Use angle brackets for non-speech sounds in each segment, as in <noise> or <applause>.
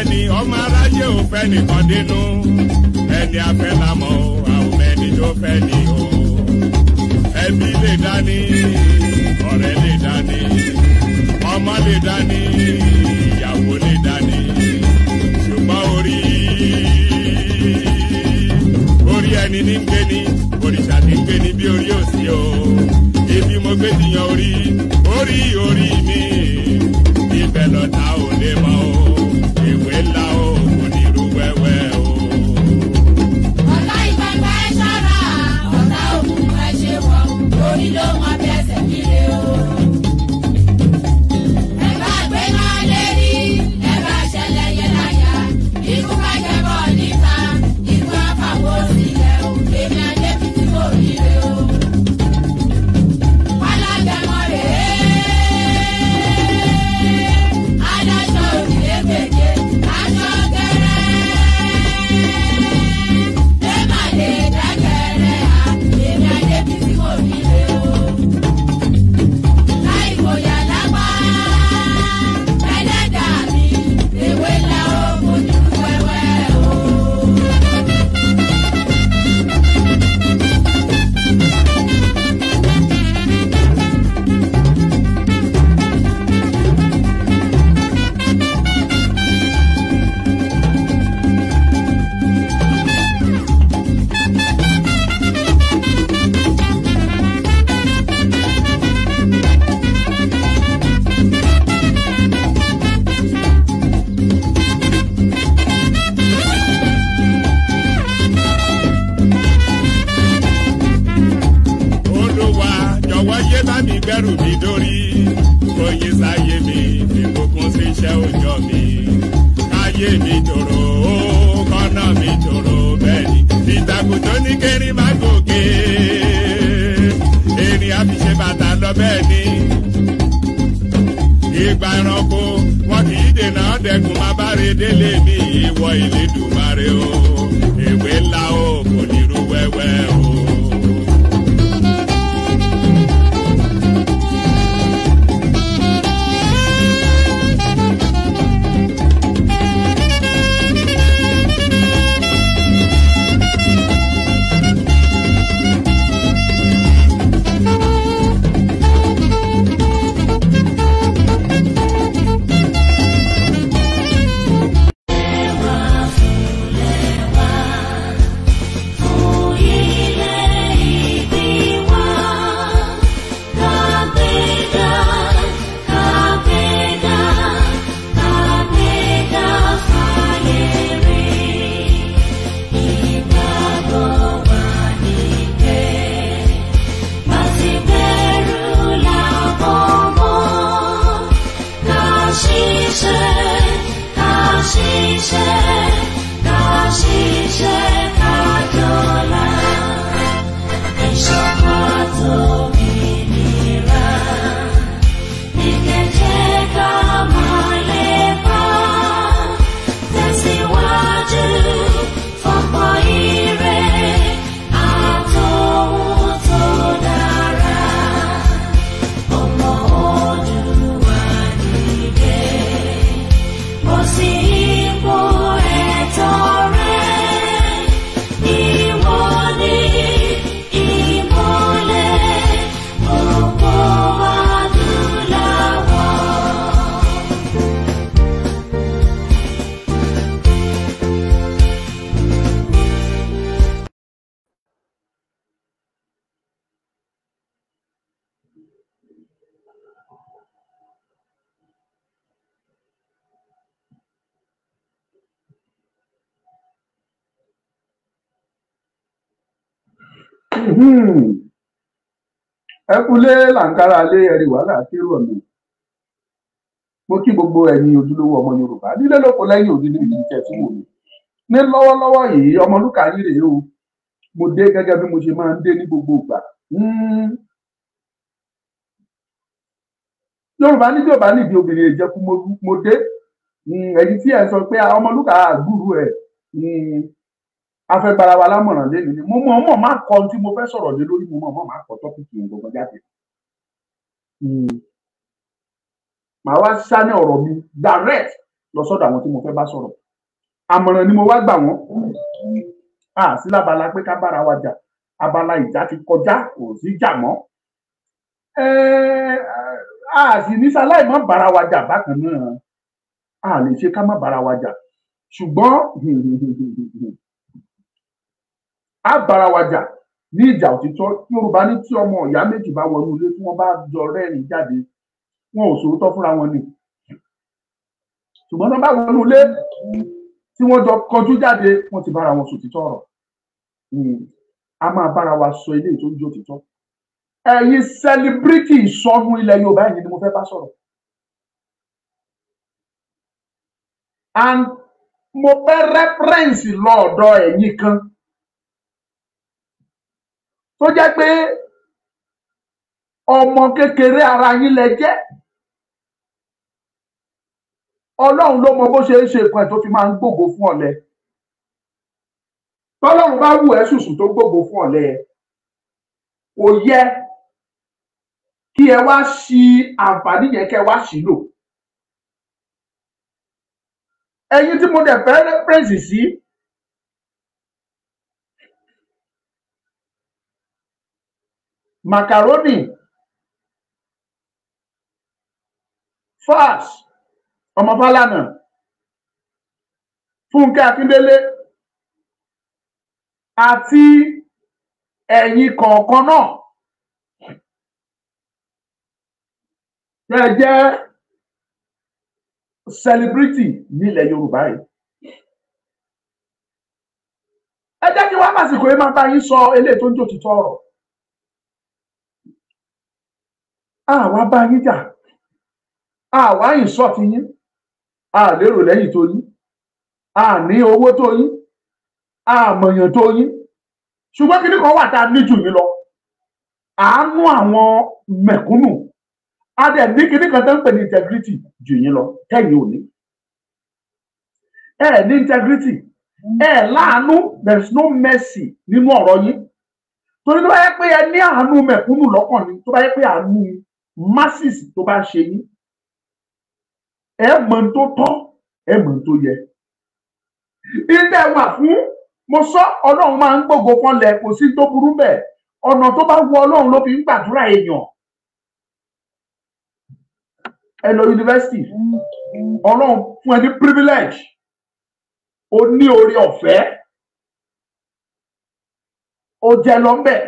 ẹni ọmọ alájẹ ò fẹ́ nìkan dínú ẹni afẹ́ la o àwọn ẹni tó fẹ́ ni o ẹbí lè dání ọ̀rẹ́ lè dání ọmọ lè dání ìyàwó lè dání ṣùgbọ́n orí orí ẹni ní ń gbé ni òrìṣà ní ń gbé ni bí orí ò sí o ibi mo gbé ti orí orí orí mi ibẹ̀ lọ́ta ò lè mọ o. pé bá mi gbẹ́rù mi dórí oyè sáyé mi fi gbogbo sí iṣẹ́ òòjọ́ mi káyé mi tòrò ó kọ́nà mi tòrò bẹ́ẹ̀ ni ìtàkùn tó ní kéré má gòkè erin á fi ṣe bàtà lọ bẹ́ẹ̀ ni ìgbà ẹranko wọn kì í dènà dẹkùn má bá re délé mi ìwọ ìlédùmarè o èwe ńlá o kò ní ru wẹ́wẹ́ o. Hmm. ẹ kúlé làǹkárá lé ẹrí wàhálà kérò mo kí gbogbo ẹ̀yin ojúlówó ọmọ yorùbá nílé lóko lẹ́yìn òdi níbi ìjẹ́ tí ní lọ́wọ́lọ́wọ́ yìí ọmọlúkà rèé mo dé bí mo ṣe máa ń afẹ́ bara wa lámọ̀ràn lẹ́nu ni mo mọ̀ mọ̀ má kọ ohun tí mo fẹ́ sọ̀rọ̀ lé lórí mo mọ̀ mọ̀ má kọ tọ́pìkì yẹn gbọ̀ngàn jáde. Hmm. màá wá sá ní ọ̀rọ̀ mi direct lọ sọ́dọ̀ àwọn tí mo fẹ́ bá sọ̀rọ̀ àmọ̀ràn ni mo wá gbà wọ́n à sí lábala pé ká bára wa jà abala ìjà ti kọjá kò sí jà mọ́ a sì ní sáláì má bára wa jà bákan náà a lè ṣe ká má bára wa jà ṣùgbọ́n <laughs> a bára wa jà ní ìjà òtítọ́ yorùbá ní tí ọmọ ìyá méjì bá wọnú ilé tí wọ́n bá jọ rẹ́rìn jáde wọn ò sòótọ́ fúnra wọn ni ṣùgbọ́n tó bá wọnú ilé tí wọ́n jọ kọjú jáde wọ́n ti bára wọn sòtítọ́ ọ̀rọ̀ hmm. a máa bára wa sọ eléyìí tó ń jó òtítọ́ ẹ̀yin sẹlibiriti ìsọnù ilẹ̀ yorùbá ẹ̀yin ni mo fẹ́ bá sọ̀rọ̀ and mo fẹ́ rẹ́fẹ́rẹ́ǹsì lọ́ọ̀dọ̀ ẹ̀yin kan tó jẹ́ pé ọmọ kékeré ara yín lẹ jẹ́ ọlọ́run ló mọ bó ṣe ń ṣe nǹkan tó fi máa ń gbògbó fún ọ̀lẹ tọ́lọ́run bá wù ẹ́ sùsù tó gbògbó fún ọ̀lẹ kò yẹ kí ẹ wá ṣí àǹfààní yẹn kẹ́ wá ṣí lò ẹ̀yin tí mo dẹ̀ fẹ́ rẹ́pẹ̀sì sí. Si, macaroni fas ọmọ Fálànà Fúnkẹ́ Akíndélé àti ẹ̀yin kọ̀ọ̀kan náà tẹ́ jẹ́ celebrity nílẹ̀ Yorùbá yìí ẹ jẹ́ kí wọ́n fàsìkò yìí máa bá yín sọ eléyìí tó ń jò títọ́ ọ̀rọ̀. àwa bá yín jà àwa ìsọ̀tì yín a lérò lẹ́yìn tó yín a ní owó tó yín a mọ̀yàn tó yín ṣùgbọ́n kíní kan wà tá a ní jù yín lọ àánú àwọn mẹ̀kúnnù a dẹ̀ ní kíní kan tó ń pè ní integrity jù yín lọ tẹ̀yìn ò ní ẹ ní integrity ẹ láàánú there is no mercy nínú ọ̀rọ̀ yín torí tó bá yẹ pé ẹ ní àánú mẹ̀kúnnù lọ́kàn ni tó bá yẹ pé àánú yín masses tó bá ṣe yín ẹ mọ tó tọ́ ẹ mọ tó yẹ ilé wà fún mo sọ Ọlọ́run máa ń gbógo fọlẹ kò sí tó burú bẹ́ẹ̀ ọ̀nà tó bá wọ Ọlọ́run ló fi ń gbàdúrà èèyàn ẹ lọ yunifásitì Ọlọ́run fún ẹ ní privilege o ní oore ọ̀fẹ́ o jẹ lọ bẹ́ẹ̀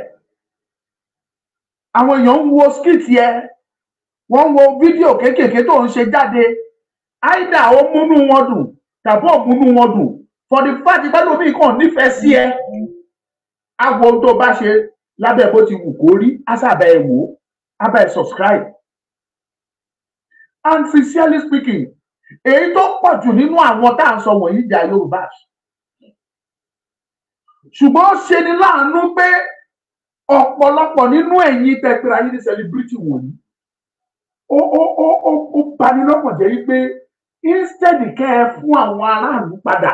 àwọn èèyàn ń wo skit yẹ wọ́n ń wo fídíò kéékèèké tó ń ṣe jáde áìdà ó múnú wọn dùn tàbí ó múnú wọn dùn for the fact ìtàlómi kan nífẹ̀ẹ́ sí ẹ àgbo tó bá ṣe lábẹ́ bó ti wù kó rí àṣàbẹ̀ ẹ̀ wò abẹ́ subscribe and sincerely speaking èyí tó pọ̀ jù nínú àwọn tá à ń sọ wọ̀nyí jà Yorùbá ṣùgbọ́n ṣe ni láàánú pé ọ̀pọ̀lọpọ̀ nínú ẹ̀yin tẹ̀pẹ̀rẹ̀ ayé ní celebrity wọ̀nyí ó ó ó ó ó jẹ́ wípé instead kẹ́ ẹ fún àwọn aráàlú padà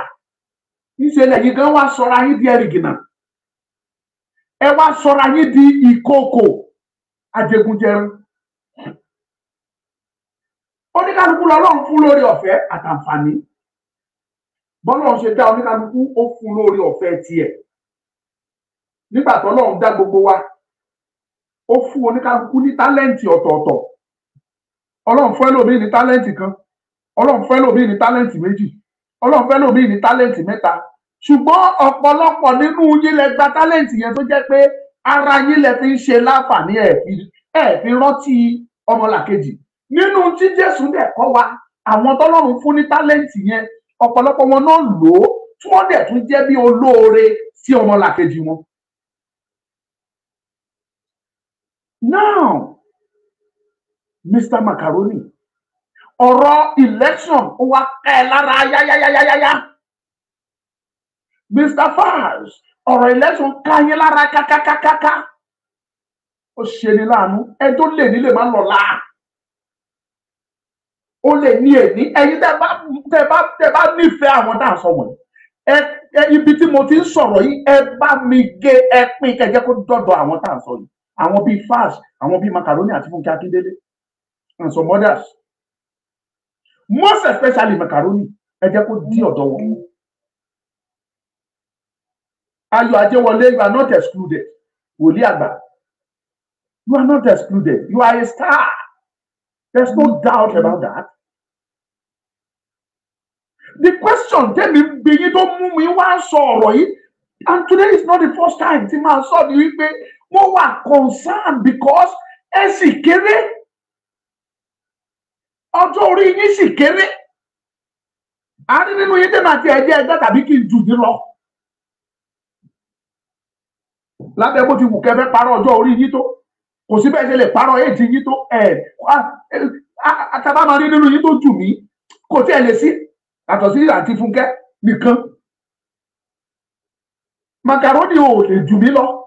ìṣẹ̀lẹ̀ yìí gan wá sọra yín di ẹ̀rìgìnà ẹ wá sọra yín di ìkòkò ajẹgúnjẹrú oníkálukú fún lórí ọ̀fẹ́ àtàǹfààní ṣe dá ó fún lórí ọ̀fẹ́ tiẹ̀ nígbà tó lọ́run dá gbogbo wa ó fún oníkálukú ní tálẹ́ǹtì ọ̀tọ̀ọ̀tọ̀ ọlọ́run fún ẹlòmíì ní tálẹ́ǹtì kan ọlọ́run fún ẹlòmíì ní tálẹ́ǹtì méjì ọlọ́run fún ẹlòmíì ní tálẹ́ǹtì mẹ́ta ṣùgbọ́n ọ̀pọ̀lọpọ̀ nínú yín lẹ gba tálẹ́ǹtì yẹn tó jẹ́ pé ara yín lẹ fi ń ṣe láǹfààní ẹ̀ fi rántí ọmọlàkejì nínú tí jésù dẹ̀ kọ́ wa àwọn tọ́lọ́run fún ní tálẹ́ǹtì yẹn ọ̀pọ̀lọpọ̀ wọn náà lò ó tí wọ́n dẹ̀ tún jẹ́ bí olóore sí ọmọlàkejì wọn now mr macaroni ọ̀rọ̀ election ó wá ká ẹ lára yáyáyáyáyá mr fars ọ̀rọ̀ election ká yín lára kákákákáká ó ṣeni láàánú ẹ tó lè nílé má lọ́la ó lè ní èní ẹ̀yin tẹ́ bá nífẹ̀ẹ́ àwọn tá sọ wọ̀nyí ibi tí mo ti ń sọ̀rọ̀ yìí ẹ bá mi gé ẹ kẹjẹ kó dọ̀dọ̀ àwọn tá a sọ yìí àwọn bíi fas àwọn bíi macaroni àti fúnkẹ́ akíndélé and some others most especially macaroni ẹ jẹ́ kó dí ọ̀dọ̀ wọn. ayọ̀ ajẹ́wọlé you are not excluded wòlíì àgbà you are not excluded you are a star there is no doubt about that. the question tẹ́mi gbìyìn tó mú mi wá sọ ọ̀rọ̀ yìí and today is not the first time tí màá sọ ní wípé mo wà concern because ẹ sì kéré ọjọ́ orí yín sì kéré àárín nínú yín dènà àti ẹ̀jẹ̀ ẹgbẹ́ tàbí kí n jù yín lọ lábẹ́ bó ti wù kẹ́ fẹ́ parọ́ ọjọ́ orí yín tó kò sí bẹ́ẹ̀ ṣe lè parọ́ èjì yín tó ẹ̀ àtàbámarí nínú yín tó jù mí kò tí ẹ lè sí àtọ̀ sí àti Fúnkẹ́ nìkan macaroni ò lè jù mí lọ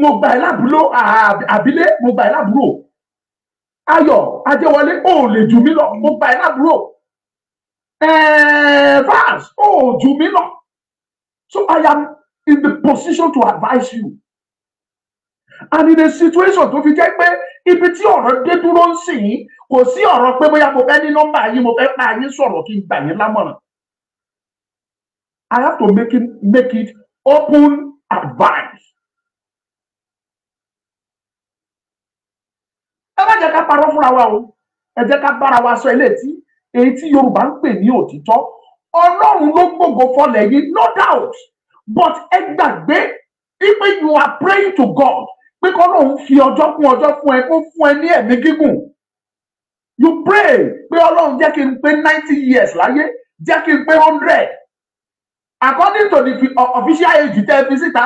mo gbà ẹ́ lábúlò àbílé mo gbà ẹ́ lábúrò ayọ̀ ajẹ́wọlé ò lè jù mí lọ mo gbà ẹ́ lábúrò vance ò jù mí lọ so i am in the position to advise you and in a situation tó fi jẹ́ pé ibi tí ọ̀rọ̀ dé dúró ń sìn yín kò sí ọ̀rọ̀ pé bóyá mo fẹ́ ní nọ́mbà yín mo fẹ́ pa yín sọ̀rọ̀ kí n gbà yín lámọ̀ràn i have to make it, make it open advice má jẹ́ ká parọ́ fúnra wa o ẹ jẹ́ ká bára wa sọ ilé tí èyí tí yorùbá ń pè ní òtítọ́ ọlọ́run ló gbogbo fọlẹ̀ yìí no doubt but ẹ gbàgbé pé you are praying to God pé kọ́ lóun fi ọjọ́ kún ọjọ́ fún ẹ kó fún ẹ ní ẹ̀mí gígùn you pray pé ọlọ́run jẹ́ kí n pé ninety years láyé jẹ́ kí n pé hundred according to the official age tẹ́ fi síta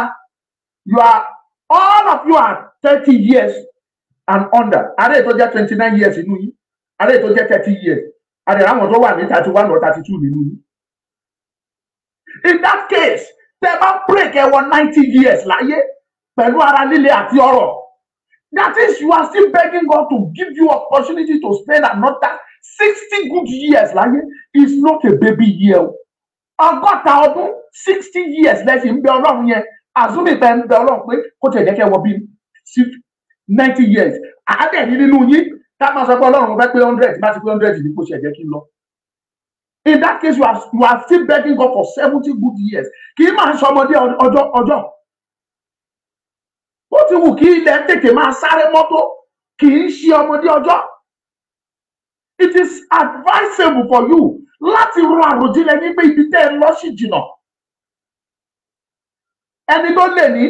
you are all of you are thirty years and under ààrẹ tó jẹ́ twenty nine years inú are ààrẹ to jẹ́ thirty years ààrẹ àwọn tó wà ní thirty one or thirty two nínú yín. in that case tẹ bá break ẹwọ ninety years láyé pẹ̀lú ara líle àti ọrọ̀ that is you are still begging God to give you opportunity to spend another sixty good years láyé is not a baby year o ọgọ́ta ọdún sixty years lẹ́sìn ń bẹ ọlọ́run yẹn àzúmìpẹ́ ń bẹ ọlọ́run pé kó tẹ̀ jẹ́ kẹ́ wọ bí ninety years àádẹ́rì nínú yín ká máa sọ pé ọlọ́run fẹ́ pé hundred bá ti pé hundred ní kò ṣe ẹ̀jẹ̀ kí n lọ. in that case you are, you are still begging God for seventy good years kì í máa sọmọdé ọjọ́ ọjọ́ bó ti wù kí ilẹ̀ tètè máa sáré mọ́tò kì í ṣe ọmọdé ọjọ́ it is advisable for you láti ro àròjinlẹ̀ nígbà ibi tẹ́ ẹ lọ sí jìnnà ẹni tó lè ní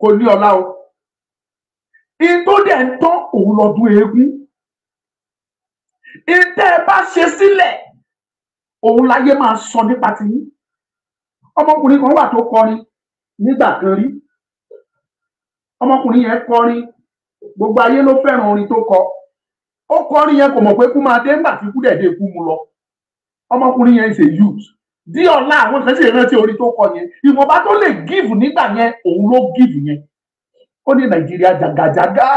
kò ní ọlá o igbó dẹ̀ ń tán òun lọ́dún eégún ìtẹ́ ẹ bá ṣe sílẹ̀ òun láyé máa sọ nípa tiyín ọmọkùnrin kan wà tó kọrin nígbà kan rí ọmọkùnrin yẹn kọrin gbogbo ayé ló fẹ́ràn orin tó kọ ó kọrin yẹn kò mọ̀ pé kú máa dé ńgbà tí kú dẹ̀ dé kú mu lọ ọmọkùnrin yẹn ṣe youth dí ọ̀la àwọn kan sì rántí orin tó kọ yẹn ìwọ̀nba tó lè give nígbà yẹn òun ló give yẹn ó ní nàìjíríà jàgàjàgà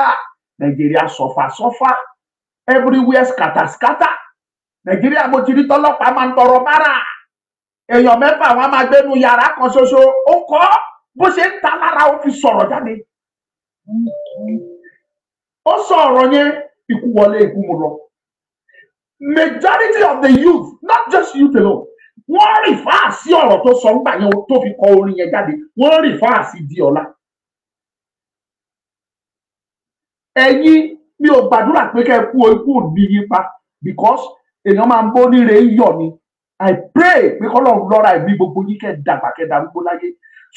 nàìjíríà sọfàsọfà everywhere scatter nàìjíríà mo ti rí tọlọ́pàá máa ń tọrọ bára èèyàn mẹ́fà wọn máa gbénu yàrá kan ṣoṣo ó kọ bó ṣe ń ta lára ó fi sọ̀rọ̀ jáde ó sọ ọ̀rọ̀ yẹn ikú wọlé ikú mu lọ majority of the youth not just youth alone wọ́n rìfáàsì ọ̀rọ̀ tó sọ ńgbà yẹn tó fi kọ orin yẹn jáde wọ́n rìfáàsì di ọ̀la ẹ̀yin mi ò gbàdúrà pé kẹ́ ẹ kú ikú òní yín pa because èèyàn máa ń bó níre yọ̀ ni i pray pé kọ́lọ́run lọ́ra ẹ̀mí gbogbo yín kẹ́ ẹ dàgbà kẹ́ ẹ darúgbó láyé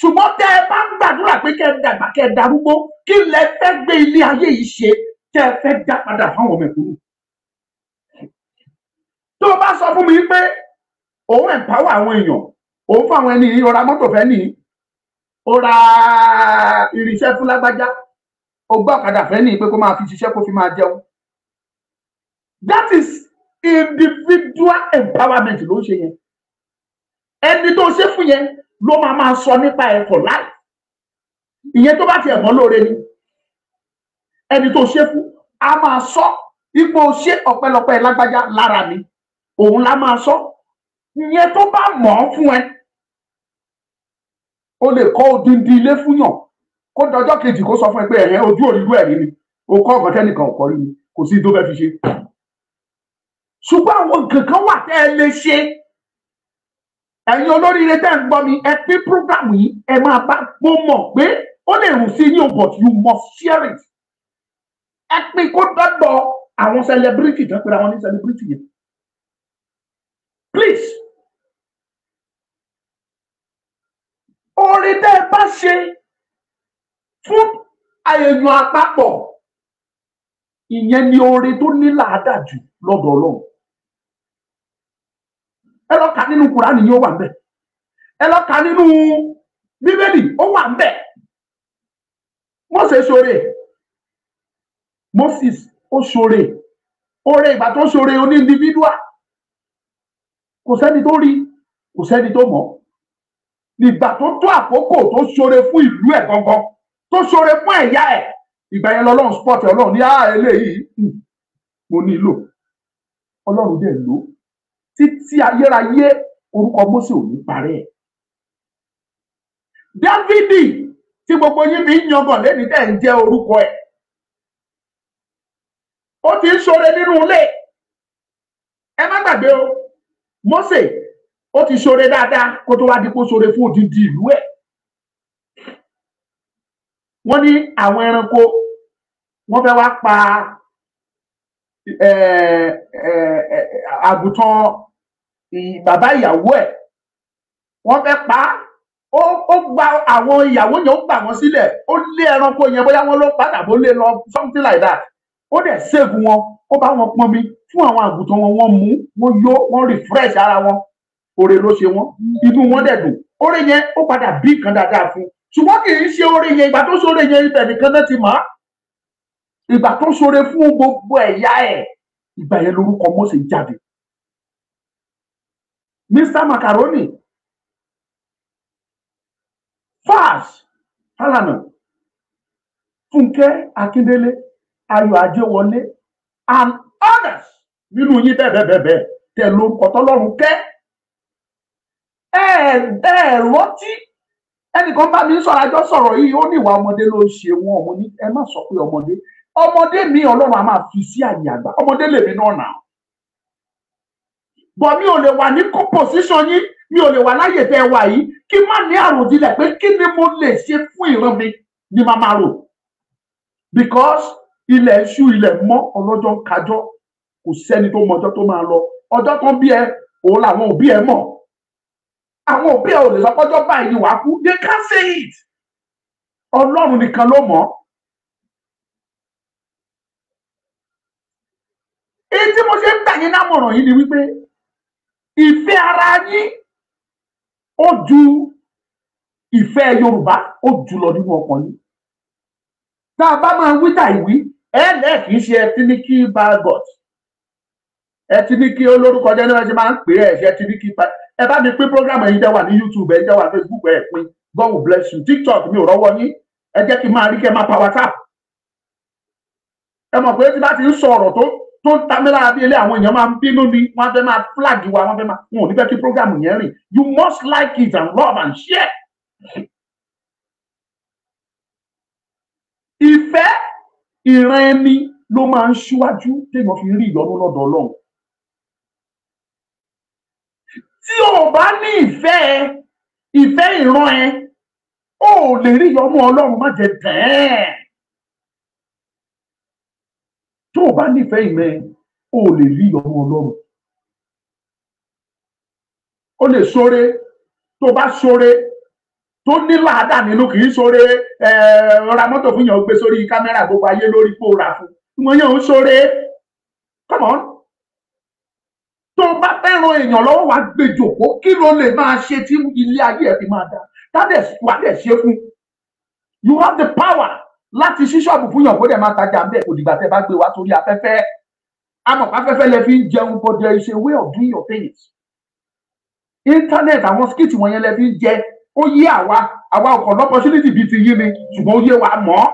ṣùgbọ́n tẹ́ ẹ bá ń gbàdúrà pé kẹ́ ẹ dàgbà kẹ́ ẹ darúgbó kí lẹ fẹ́ gbé ilé ayé yìí ṣe tẹ́ ẹ fẹ́ dá padà fáwọn ọmọ ẹ̀kúrú tó o bá sọ fún mi pé òun empower àwọn èèyàn òun fáwọn ẹni yìí ó ra mọ́tò fẹ́ nìyí ó ra irinṣẹ́ fún o gbọ́ fẹ́ ní pé máa fi ṣiṣẹ́ kó fi máa jẹun that is individual empowerment ló ń ṣe yẹn ẹni tó ṣe fún yẹn ló máa máa sọ nípa ẹ̀kọ́ láì ìyẹn tó bá tiẹ̀ mọ́ lóore ni ẹni tó ṣe fún a máa sọ ipò ṣe ọ̀pẹ̀lọpẹ̀ lágbájá lára mi òun la máa sọ ìyẹn tó bá mọ̀ ọ́ fún ẹ o lè kọ́ odindi ilé fún yàn kó dọjọ́ kejì kó sọ fún ẹ pé ẹ̀yẹn ojú òrìrú ẹ̀rí ni o kọ́ ọ̀gọ́ tẹ́nìkan ò kọ́ rí ni kò sí tó fẹ́ fi ṣe. ṣùgbọ́n àwọn nǹkan kan wà tẹ́ ẹ lè ṣe ẹ̀yin olóríire tẹ́ ń gbọ́ mi ẹ pín program yìí ẹ máa bá mo mọ̀ pé ó lè rùn sí yín but you must share it ẹ pín kó dọ́dọ̀ àwọn celebrity tó ń pera wọn ní celebrity yẹn please oore tẹ́ ẹ bá ṣe fún àyẹ̀yàn àpapọ̀ ìyẹn ni oore tó ní làádàá jù lọ́dọ̀ ọlọ́run ẹ lọ kà nínú kùránì yìí ó wà ń bẹ ẹ lọ kà nínú bíbélì ó wà ń bẹ Mósè ṣoore Moses ó ṣoore oore ìgbà tó ṣoore oní individual kò sẹ́ni tó rí kò sẹ́ni tó mọ̀ nígbà tó tó àkókò tó ṣoore fún ìlú ẹ̀ gangan tó ṣoore fún ẹ̀yà ẹ̀ ìgbà yẹn lọ́lọ́run spọ́ọ̀tì ọlọ́run ní àá ah, eléyìí hmm, mo nílò ọlọ́run dẹ̀ lò títí ayérayé orúkọ Mósè ò ní parẹ́ ẹ̀. Dávidi tí gbogbo yín fi ń yangàn lẹ́ni tẹ̀ ń jẹ́ orúkọ ẹ̀ ó ti ń ṣoore nínú ilé ẹ má gbàgbé o Mósè ó ti ṣoore dáadáa kó tó wá di kó ṣoore fún odindi ìlú ẹ̀ wọ́n ní àwọn ẹranko wọ́n fẹ́ wá pa eh, eh, àgùntàn bàbá ìyàwó ẹ̀ wọ́n fẹ́ pa á ó ó gba àwọn ìyàwó yẹn ó gbà wọ́n sílẹ̀ ó lé ẹranko yẹn bóyá wọ́n ló padà bó lé lọ something like that ó dẹ̀ save wọn ó bá wọn pọnmi fún àwọn àgùntàn wọn wọ́n mú wọ́n yó wọ́n refresh ara wọn oore ló ṣe wọn inú wọn dẹ̀ dùn oore yẹn ó padà bí kan dáadáa fún ṣùgbọ́n kì í ṣe oore yẹn ìgbà tó ṣoore yẹn ibẹ̀ nìkan náà ti mọ̀ á ìgbà tó ṣoore fún gbogbo ẹ̀yà ẹ̀ ìgbà yẹn lórúkọ Mósè jáde Mr Macaroni Falz Falana Fúnkẹ́ Akíndélé Ayọ̀ Ajéwọlé and others nínú yín bẹ́ẹ̀ tẹ̀ lórúkọ tọ́lọ́run kẹ́ ẹ̀ ẹ̀ rántí ẹnìkan bá mi sọ̀rọ̀ àjọ sọ̀rọ̀ yìí ó ní ìwà ọmọdé ló ń ṣe wọn ọmọ ní ẹ má sọ pé ọmọdé ọmọdé mi ọlọ́run a máa fi sí àyè àgbà ọmọdé lèmi náà nà bọ̀ mi ò lè wà ní composition yín mi ò lè wà láyè tẹ́ ẹ wà yìí kí má ní àròjinlẹ̀ pé kí ni mo lè ṣe fún ìran mi ni màá máa rò because ilẹ̀ ṣú ilẹ̀ mọ́ ọlọ́jọ́ kájọ́ kò sẹ́ni tó mọ ọjọ́ tó máa lọ ọjọ́ tó bí ẹ òun làwọn òbí ẹ mọ̀ àwọn òbí ẹ ò lè sọpọ́jọ́ báyìí ni wàá kú they can't say it ọlọ́run nìkan ló mọ̀ èyí tí mo ṣe ń gbà yín lámọ̀ràn yìí ni wípé ìfẹ́ ara yín ó ju ìfẹ́ yorùbá ó jù lọ nínú ọkàn yín tá a bá máa wí tàìwí ẹ lẹ́ẹ̀ kì í ṣe ẹtíníkì bagot ẹtíníkì olórúkọ jẹ́ ní wọ́n ṣe máa ń pè é ẹ̀ṣẹ́ ẹtíníkì bagot ẹ bá mi pín program ẹ̀yin jẹ́ wà ní youtube ẹ̀yin jẹ́ wà ní facebook ẹ̀ pín god will bless you tiktok mi ò rọ́wọ́ yín ẹ jẹ́ kí n máa rí kẹ́ máa pa whatsapp ẹ mọ̀ pé tí bá ti ń sọ ọ̀rọ̀ tó tó ń ta mí lára bí ilé àwọn èèyàn máa ń bínú ni wọ́n fẹ́ máa flag wa wọ́n fẹ́ máa wọn ò ní fẹ́ kí program yẹn rìn you must like it and love and share. ìfẹ́ ìran ẹni ló máa ń ṣíwájú téèyàn fi rí ìyọ́nú lọ́dọ̀ ọlọ́run tí o bá ní ìfẹ́ ẹ ìfẹ́ ìran ẹ o ò lè rí ìyọmọ ọlọ́run má jẹ tẹ́ẹ̀ tó o bá nífẹ̀ẹ́ ìmẹ́ o ò lè rí ìyọmọ ọlọ́run o lè sóre tó o bá sóre tó ní làádà nínú kì í sóre ẹ ra mọ́tò fún yàn gbé sórí kámẹ́rà gbogbo ayé lórí pòórà fún ìmọ̀ yẹn ń sóre come on tó o bá fẹ́ ran èèyàn lọ́wọ́ wàá gbé jòkó kí ló lè máa ṣe tí ilé ayé ẹ fi máa dá tádẹ̀ wàá dẹ̀ ṣe fún you have the power láti ṣí ṣọ́ọ̀bù fún yàn kó dẹ̀ máa tajà ń bẹ̀ kò dìgbà tẹ́ bá gbé wá torí afẹ́fẹ́ amọ̀ afẹ́fẹ́ lẹ fi ń jẹun but there is a way of doing your things internet àwọn skit wọ̀nyẹn lẹ fi ń jẹ ó yé àwa àwa ọkọ̀ lọ́pọ̀ sílítì bíi ti yí ni ṣùgbọ́n ó yé wa mọ́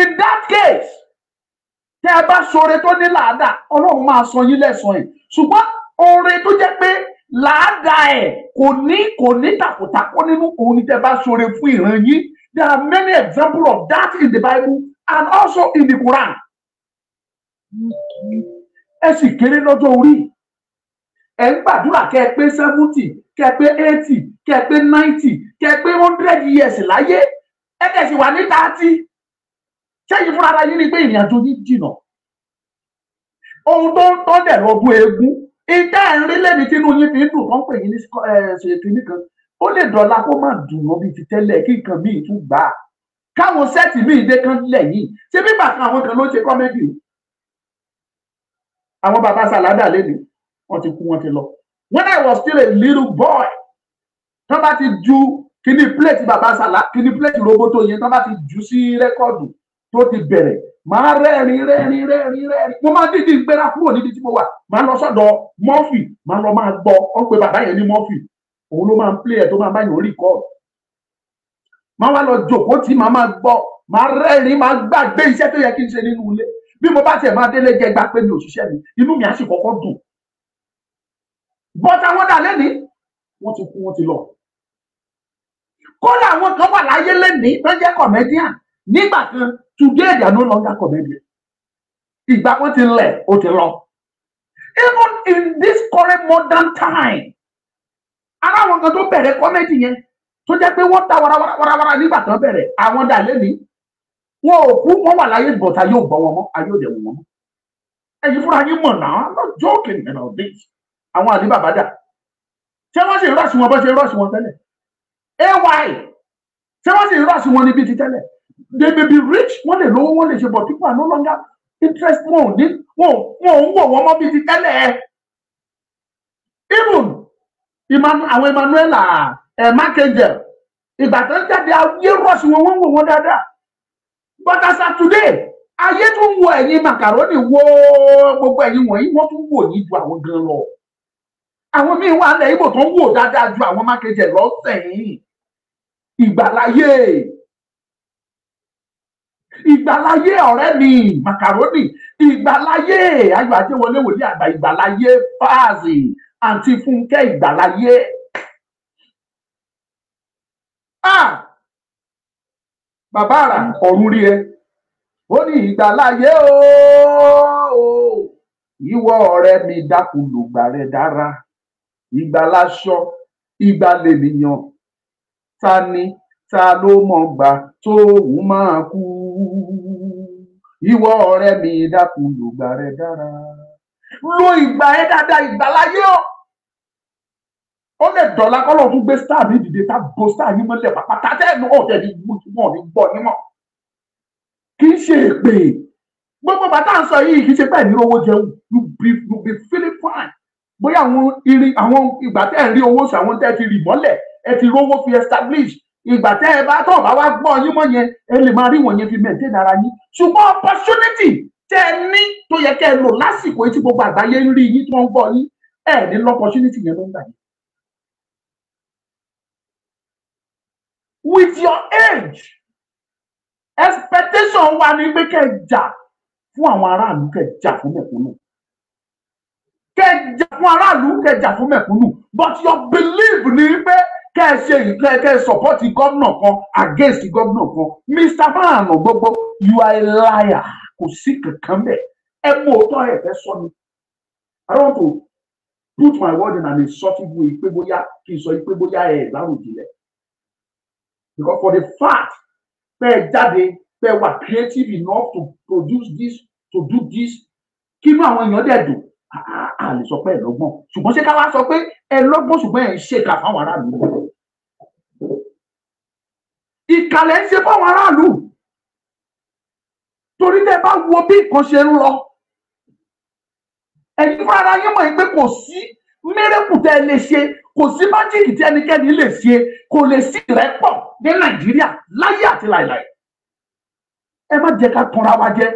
in that case tẹ́ ẹ bá ṣoore tó ní làádà ọlọ́run máa san yín lẹ́san ẹ̀ ṣùgbọ́n oore tó jẹ́ pé làádà ẹ̀ kò ní kò ní tàkùtàkù nínú òun ni tẹ́ ẹ bá ṣoore fún ìran yín there are many examples of that in the Bible and also in the Quran ẹ sì kéré lọ́jọ́ orí ẹ ń gbàdúrà kẹ́ ẹ pé seventy kẹ́ ẹ pé eighty kẹ́ ẹ pé ninety kẹ́ ẹ pé hundred years láyé ẹ tẹ̀sí wà ní thirty ṣẹ́yìn fúnra ara yín ni pé ìrìn yín jìnà ohun tó ń tọ́ dẹ̀ lọ́gùn eégún ìdá ẹ̀rín lẹ́ni tínú yín fi ń dùn tó pè yín ní ṣètò nìkan ó lè dọ̀la kó má dùn lóbi ti tẹ́lẹ̀ kí nǹkan míì tún gbà á káwọn sẹ́ẹ̀tì míì dé kán lẹ́yìn ṣé bí bàtà àwọn kan ló ṣe kọ́mẹ́dì o àwọn bàbá sàládà lẹ́nu wọ́n ti kú wọ́n ti lọ when I was still a little boy tán bá ti ju kíní plate bàbá sàlá kíní plate roboto yẹn tán bá ti jù sí rẹ́kọ̀dù tó ti bẹ̀rẹ̀ máa rẹ́rìn rẹ́rìn rẹ́rìn rẹ́rìn mo máa dídì gbéra kúrò níbi tí mo wà máa lọ sọ́dọ̀ murphy máa lọ máa gbọ́ ọ́n pé bàbá yẹn ní murphy òun ló máa ń play ẹ̀ tó máa bá yẹn orí kọ́ máa wá lọ jòkó tí màá máa gbọ́ máa rẹ́rìn máa gbàgbé iṣẹ́ tó yẹ kí n ṣe nínú ilé bí mo bá tiẹ̀ máa délé jẹ́ gba pé mi ò ṣiṣẹ́ mi inú mi á sì kọ́kọ́ dùn bọ́tà wọn dà lẹ́ni wọ́n ti kú wọ́n ti lọ kódà àwọn kan wà láyé lẹ́ni tó jẹ́ kọ̀mẹ́díà nígbà kan Today they are no longer committed. comedians. that was in lẹ̀ ó ti lọ. Even in this current modern time, I don't want to do better. comedy yẹn tó jẹ́ pé wọ́n ta warawara nígbà tán bẹ̀rẹ̀ àwọn dà lẹ́nìí. Wọn ò kú wọn wà láyé bọ̀tà yóò bọ̀ wọn mọ́ ayé òde wọn mọ́. Ẹ̀yin fúnra yín mọ̀ now. I'm not joking about this. Àwọn àdìbàbà dà. Ṣé wọ́n ṣe rọ́ọ̀ṣì wọn bọ́ ṣe rọ́ọ̀ṣì Hey, why? AY ṣé You rush rọ́ọ̀ṣì wọn níbi ti tẹ́lẹ̀? they may be rich wọ́n lè lówó wọ́n lè ṣe but people are no longer interest wọn ò ní wọn ò ń wọ̀ wọ́n mọ́ bíi ti tẹ́lẹ̀ ẹ̀ even àwọn Emmanuela ah, ẹ̀ eh, Markangel ìgbà tó ń jáde ayé rọ̀ṣì wọn wọ́n ń wò wọ́n dáadáa but as of today ayé tó ń wo ẹ̀yin macaroni wo gbogbo ẹ̀yin wọ̀nyí wọ́n tún wò yín ju àwọn gan lọ àwọn míín wà lẹ́yìn bò tó ń wò dáadáa ju àwọn Markangel lọ́sẹ̀ yìí ìgbàláyé ìgbàláyé ọ̀rẹ́ mi macaroni ìgbàláyé ayọ̀ ajẹ́wọlé wòlíì àgbà ìgbàláyé páàzì àǹtí fúnkẹ́ ìgbàláyé. bàbá àrà ọ̀run rí ẹ ó ní ìgbàláyé ooo ìwọ ọ̀rẹ́ mi dákun lògbà rẹ dára ìgbàláṣọ ìgbàlènìyàn ta ni ta ló mọ̀ gbà tóun máa kú ìwọ ọ̀rẹ́ mi dákun lògbà rẹ dára lo ìgbà ẹ dáadáa ìgbà láyé o ó lè dọ̀la kọ́lọ̀ tún gbé star mi dìde tá bo star yín mọ́lẹ̀ pàpàtà tẹ́ẹ̀nù ọ̀tẹ̀ ní gbọ́ ní gbọ́ ní mọ̀ kì í ṣe èpè gbogbo bàtà ń sọ yìí kì í ṣe pẹ́ẹ́ ní owó jẹun you be you be feeling fine bóyá àwọn irin àwọn ìgbà tẹ́ẹ̀ rí owó sàwọn tẹ́ẹ̀ ti rì mọ́lẹ̀ ẹ ti rówó fi establish ìgbà tẹ́ ẹ bá tọ̀ bá wá gbọ́ yín mọ́ yẹn ẹ lè máa rí wọ̀nyẹn fi maintain ara yín ṣùgbọ́n opportunity tẹ́ ẹ ní tó yẹ kẹ́ ẹ lò lásìkò tí gbogbo àgbáyé ń rí yín tó ń gbọ́ yín ẹ ní l'opportunity yẹn ló ń gbà yín. with your age expectation wa ni pé kẹ́ ẹ jà fún àwọn aráàlú kẹ́ ẹ jà fún mẹ̀kúnnù kẹ́ ẹ jà fún aráàlú kẹ́ ẹ jà fún mẹ̀kúnnù but your belief ni pé kẹ́ ẹ ṣe kẹ́ ẹ sọ̀pọ́tì gómìnà kan against gómìnà kan mr fáànà gbogbo you are a liar kò sí kankan bẹ́ẹ̀ ẹ mú òótọ́ ẹ fẹ́ sọ ni i want to put my word in an insulting way pé bóyá kì í sọ pé bóyá ẹ ìdáròjìnlẹ̀ because for the fact pé ẹ jáde pé ẹ wà creative enough to produce this to do this kínú àwọn èèyàn dẹ̀ dùn a lè sọ pé ẹ lọ́gbọ́n ṣùgbọ́n ṣé ká wá sọ pé ẹ lọ́gbọ́n ṣùgbọ́n ẹ̀ ń ṣèkà fáwọn aráàlú ìkàlẹ̀ ń ṣe fáwọn aráàlú torí tẹ bá wo bí nǹkan ṣe ń lọ ẹ̀yin fún ara yín mọ̀ pé kò sí mẹ́rẹ́kù tẹ́ ẹ lè ṣe kò sí májíìkì tí ẹnikẹ́ni lè ṣe kò lè sí ìrẹ́pọ̀ ní nàìjíríà láyé àti láìláì ẹ má jẹ́ ká tanra wa jẹ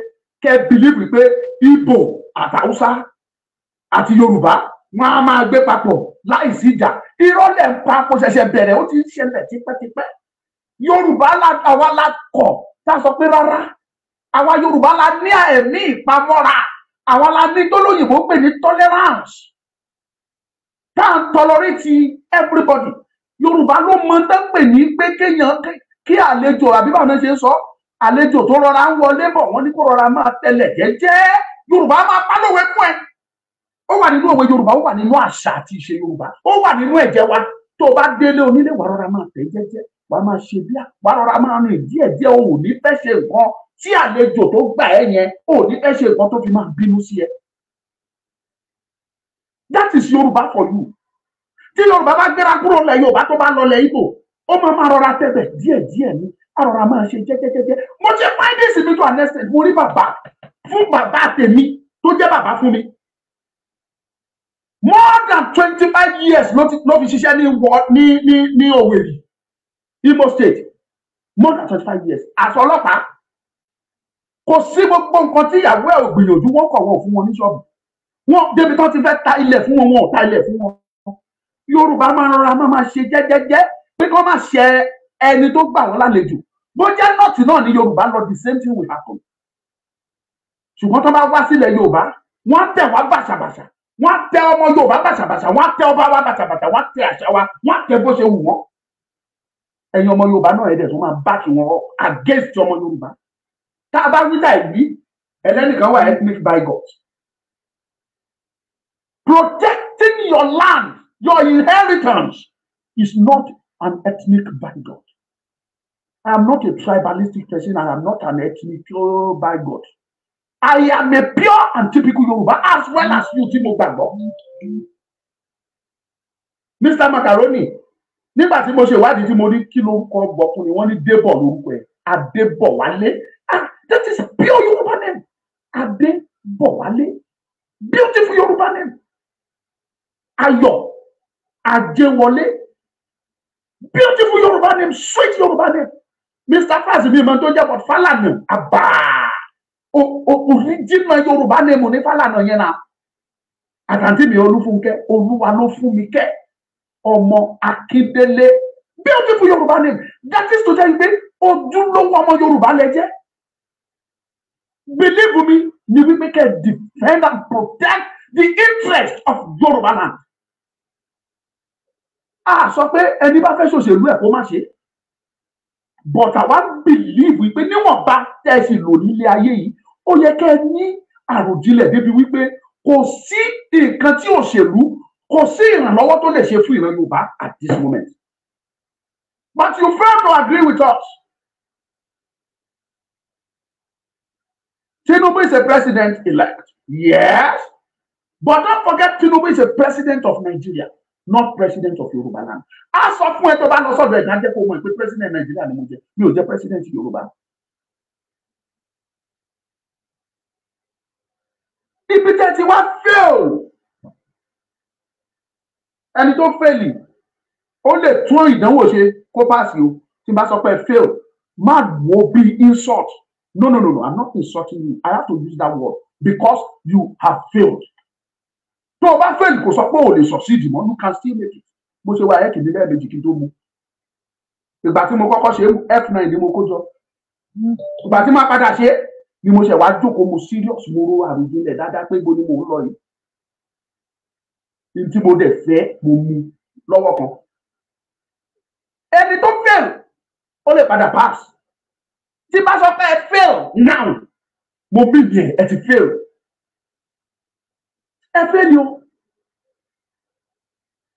kẹ́ ẹ bìlíìfù pé ibo àtàwùsá àti yorùbá wọn á máa gbé papọ̀ láìsí ìjà irọ́ lẹ̀ ń pa kò ṣẹ̀ṣẹ̀ bẹ̀rẹ̀ ó ti ń ṣẹlẹ̀ tipẹ́tipẹ́ yorùbá àwa la kọ̀ tá a sọ pé rárá àwa yorùbá la ní ẹ̀mí ìpamọ́ra àwa la ní tólóyìnbó pè ní tolerance tá à ń tolerate everybody yorùbá ló mọ tán pè ní pé kéèyàn kí àlejò àbí báwọn náà ṣe ń sọ àlejò tó rọra ń wọlé bọ̀ wọ́n ní kó rọra máa tẹlẹ̀ jẹ́jẹ́ yorùbá máa pálọ̀wé fún ẹ ó wà nínú òwe yorùbá ó wà nínú àṣà àti ìṣe yorùbá ó wà nínú ẹ̀jẹ̀ wa tó bá délé onílé wàá rọra máa tẹ̀ jẹ́jẹ́ wàá máa ṣe bí wàá rọra máa rìn díẹ̀ díẹ̀ o ò ní fẹ́ ṣe nǹkan tí àlejò tó gbà ẹ́ yẹn o ò ní fẹ́ ṣe nǹkan tó fi máa bínú sí ẹ. that is yorùbá for you tí yorùbá bá gbéra kúrò lẹ̀ yorùbá tó bá lọ lẹ̀ ibo ó máa máa rọra tẹ̀bẹ̀ díẹ̀ díẹ̀ ni á rọra máa ṣe jẹ́jẹ́jẹ́jẹ́ mo ṣe find this in me mo rí bàbá fún bàbá tèmi tó jẹ́ bàbá fún mi more than twenty five years ló fi ṣiṣẹ́ ní ní ní ní Owerri Imo State more than twenty five years àṣọ ọlọ́pàá kò sí gbogbo nǹkan tí ìyàwó ẹ̀ ò gbìyànjú wọ́n kọ̀ wọ́n fún wọn ní ṣọ́ọ̀bù wọn débi tán ti fẹ́ ta ilẹ̀ fún wọn wọn ò ta ilẹ̀ fún wọn Yorùbá máa ń rọra máa máa ṣe jẹ́jẹ́jẹ́ pé kí wọ́n máa ṣe ẹni tó gbà wọ́n lálejò bó jẹ́ nọ́ọ̀tì náà ní Yorùbá lọ the same thing will happen ṣùgbọ́n tó bá wá sílẹ̀ Yorùbá wọ́n á tẹ̀ wá bàṣàbàṣà wọ́n tẹ ọmọ Yorùbá bàtàbàtà wọ́n tẹ ọba wa bàtàbàtà wọ́n tẹ àṣà wa wọ́n tẹ bó ṣe wù wọ́n ẹ̀yin ọmọ Yorùbá náà ẹ̀dẹ̀ tó máa báàkì wọn against ọmọ Yorùbá tá a bá wí láì wí ẹlẹ́nìkan wà ethnic by God protecting your land your inheritance is not an ethnic by God I am not a tribalistic person and I am not an ethnic oh, by God I am a pure and typical Yoruba as well as you tí mo Mr Macaroni nígbà tí mo ṣe ìwádìí tí mo ní kí lórúkọ gbọ̀kùnrin wọ́n ní Débọ̀ lórúkọ ẹ̀ Adébọ̀wálé ah that is pure Yoruba name Adébọ̀wálé beautiful Yoruba name Ayọ̀ Ajéwọlé beautiful Yoruba name sweet Yoruba name Mr Fazimi mọ̀ tó jẹ́ but Falana abaa original yorùbá name ní fàlànà yẹn náà àtàntí mi olúfúnkẹ́ olúwa ló fún mi kẹ́ ọmọ akíndélé beautiful yorùbá name that is to tell you pé ojúlówó ọmọ yorùbá lẹ jẹ́ believe me ni wípé kẹ́ defend and protect the interest of yorùbá land a sọ pé ẹni bá fẹ́ ṣòṣèlú ẹ̀ kó má ṣe but àwa believe wípé níwọ̀nba tẹ̀sí lò nílé ayé yìí ó yẹ kẹ́ ẹ ní àròjinlẹ̀ débi wípé kò sí nǹkan tí òṣèlú kò sí ìrànlọ́wọ́ tó lè ṣe fún ìran Yorùbá at this moment but you fail to agree with us. Tinubu is a president elect. Yes. But don't forget Tinubu is a president of Nigeria, not president of Yoruba land. A sọ fún ẹ tó bá lọ sọ́dọ̀ ẹ̀dá jẹ́ kó mọ̀ pé president Nigeria ni mo jẹ́, mi ò jẹ́ president Yoruba. ibi tẹ́ ti wá fail ẹni tó fẹ́lì ó lè tún ìdánwò ṣe kó paasi o tí n bá sọ pé fail má wo be insult no no no no i'm not insulting you i have to use that word because you have failed tó o bá fail kò sọ pé o lè succeed mọ́ you can still make it mo ṣe wá ẹ̀kì nílẹ̀ méjì kí n tó mu ìgbà tí mo kọ́kọ́ ṣe f9 ni mo kó jọ ìgbà tí mo padà ṣe bí mo ṣe wá jókòó mo serious mo ro àròjinlẹ̀ dáadáa pé gbóni mo ń lọ yìí tí mo dẹ̀ fẹ́ mo mu lọ́wọ́ kan ẹni tó fail ó lè padà pass tí bá sọ pé ẹ fail now mo bí yẹn ẹ ti fail ẹ fail ni o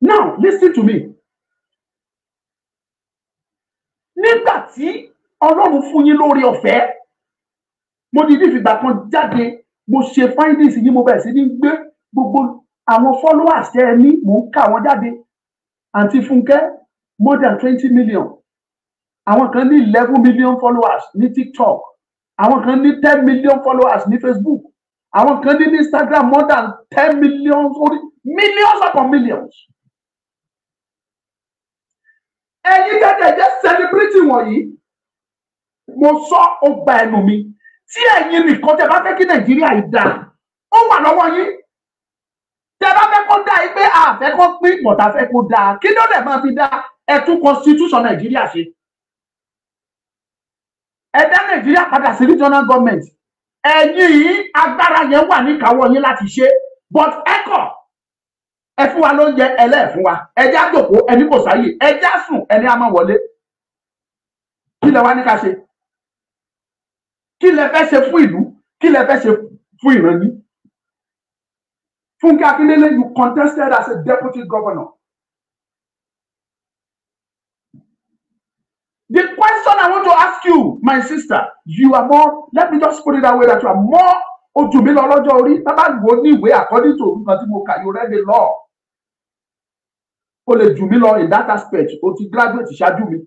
now listen to me nígbà tí ọlọ́run fún yín lórí ọ̀fẹ́ mo dìde ìfìgbà kan jáde mo ṣe findings yìí mo bẹ̀rẹ̀ sí ní gbé gbogbo àwọn followers ẹ ní mò ń kà wọ́n jáde àǹtí Fúnkẹ́ more than twenty million àwọn kan ní eleven million followers ní TikTok àwọn kan ní ten million followers ní Facebook àwọn kan ní ní Instagram more than ten million millions upon millions. ẹ̀yin tẹ́tẹ̀ jẹ́ celebrity wọ̀nyí mo sọ ọgbà ẹnu mi tí ẹ̀yin nìkan tẹ́ bá fẹ́ kí nàìjíríà yìí dáa ó wà lọ́wọ́ yín tẹ́ bá fẹ́ kó dáa yìí pé àfẹ́ kó pín bọ̀tà fẹ́ kó dáa kí ló dẹ̀ máa fi dáa ẹ tún constitution nàìjíríà ṣe ẹ dá nàìjíríà padà sí regional government ẹ̀yin yìí agbára yẹn wà níkàáwọ́ yín láti ṣe but ẹ kọ̀ ẹ fún wa lóúnjẹ ẹlẹ́ẹ̀fún wa ẹ já jòkó ẹni kò sáyè ẹ já sùn ẹni á máa wọlé kí lẹ wá ní ká ṣe kí lẹ fẹ́ ṣe fún ìlú kí lẹ fẹ́ ṣe fún ìran yìí Fúnkẹ́ you contested as a deputy governor the question I want to ask you my sister you are more let me just put it that way that you are more ojú mi lọ orí bàbá wo ní ìwé according to nǹkan tí mo kà you read the law o lè jù mí lọ in that aspect o ti graduate ṣáájú mi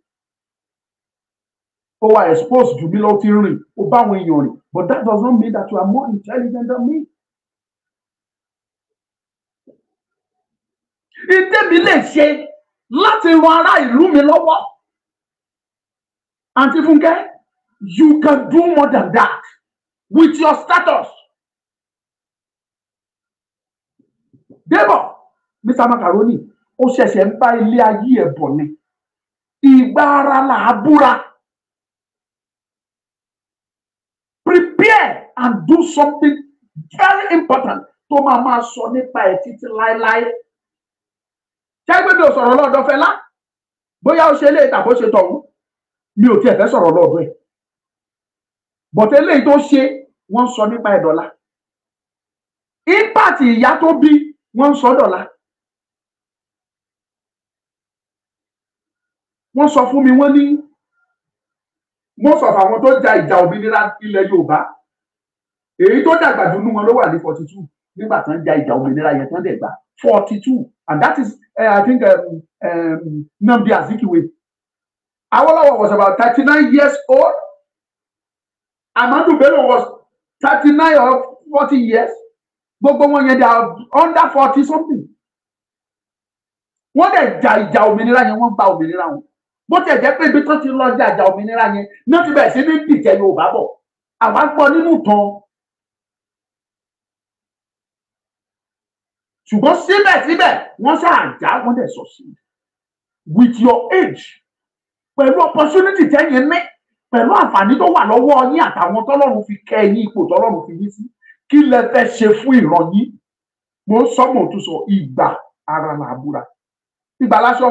ó wà exposed jù mí lọ ti rìn ó bá àwọn èèyàn rìn but that does not mean that you are more intelligent than me. ìtẹ́mi lè ṣe láti ran ará ìlú mi lọ́wọ́ àǹtí Fúnkẹ́ you can do more than that with your status. Débọ̀ Mr Macaroni ó ṣẹ̀ṣẹ̀ ń bá ilé ayé ẹ̀ bọ̀ ni ìgbà ara là á búra. and do something very important tó máa máa sọ nípa ẹ̀ títí láéláé jẹ́gbẹ́dọ̀ sọ̀rọ̀ lọ́dọ̀ Fẹlá bóyá ó ṣe lé tàbó ṣe tọ̀hún mi ò tiẹ̀ fẹ́ sọ̀rọ̀ lọ́dọ̀ ẹ̀ bọ̀tẹ́ eléyìí tó ṣe wọ́n sọ nípa ẹ̀ dọ̀la impact ìyá tó bí wọ́n sọ dọ̀la wọ́n sọ fún mi wọ́n ní most of àwọn tó ja ìjà òmìnira ilẹ̀ Yorùbá èyí tó dàgbà jù nínú wọn ló wà ní forty two nígbà tán ja ìjà òmìnira yẹn tán dẹ̀ gbà forty two and that is uh, I think um, um, Nnamdi Azikiwe Awolowo was about thirty nine years old Amadu Bello was thirty nine or forty years gbogbo wọn yẹn they are under forty something wọ́n dẹ̀ ja ìjà òmìnira yẹn wọ́n gba òmìnira wọn bó tẹ̀ jẹ́ pé ibi tó ti lọ ja ìjà òmìnira yẹn náà ti bẹ̀rẹ̀ sí ní dìtẹ̀ Yorùbá bọ̀ àwa gbọ́ nínú tán ṣùgbọ́n síbẹ̀síbẹ̀ wọ́n ṣàjà wọ́n dẹ̀ sọ sí with your age pẹ̀lú opportunity tẹ́yìn ní pẹ̀lú àǹfààní tó wà lọ́wọ́ yín àtàwọn tọ́lọ́run fi kẹ́ yín ipò tọ́lọ́run fi yín sí kí lẹ fẹ́ ṣe fún ìran yín mo ń sọ mo tún sọ ìgbà ara làbúra ìgbà láṣọ.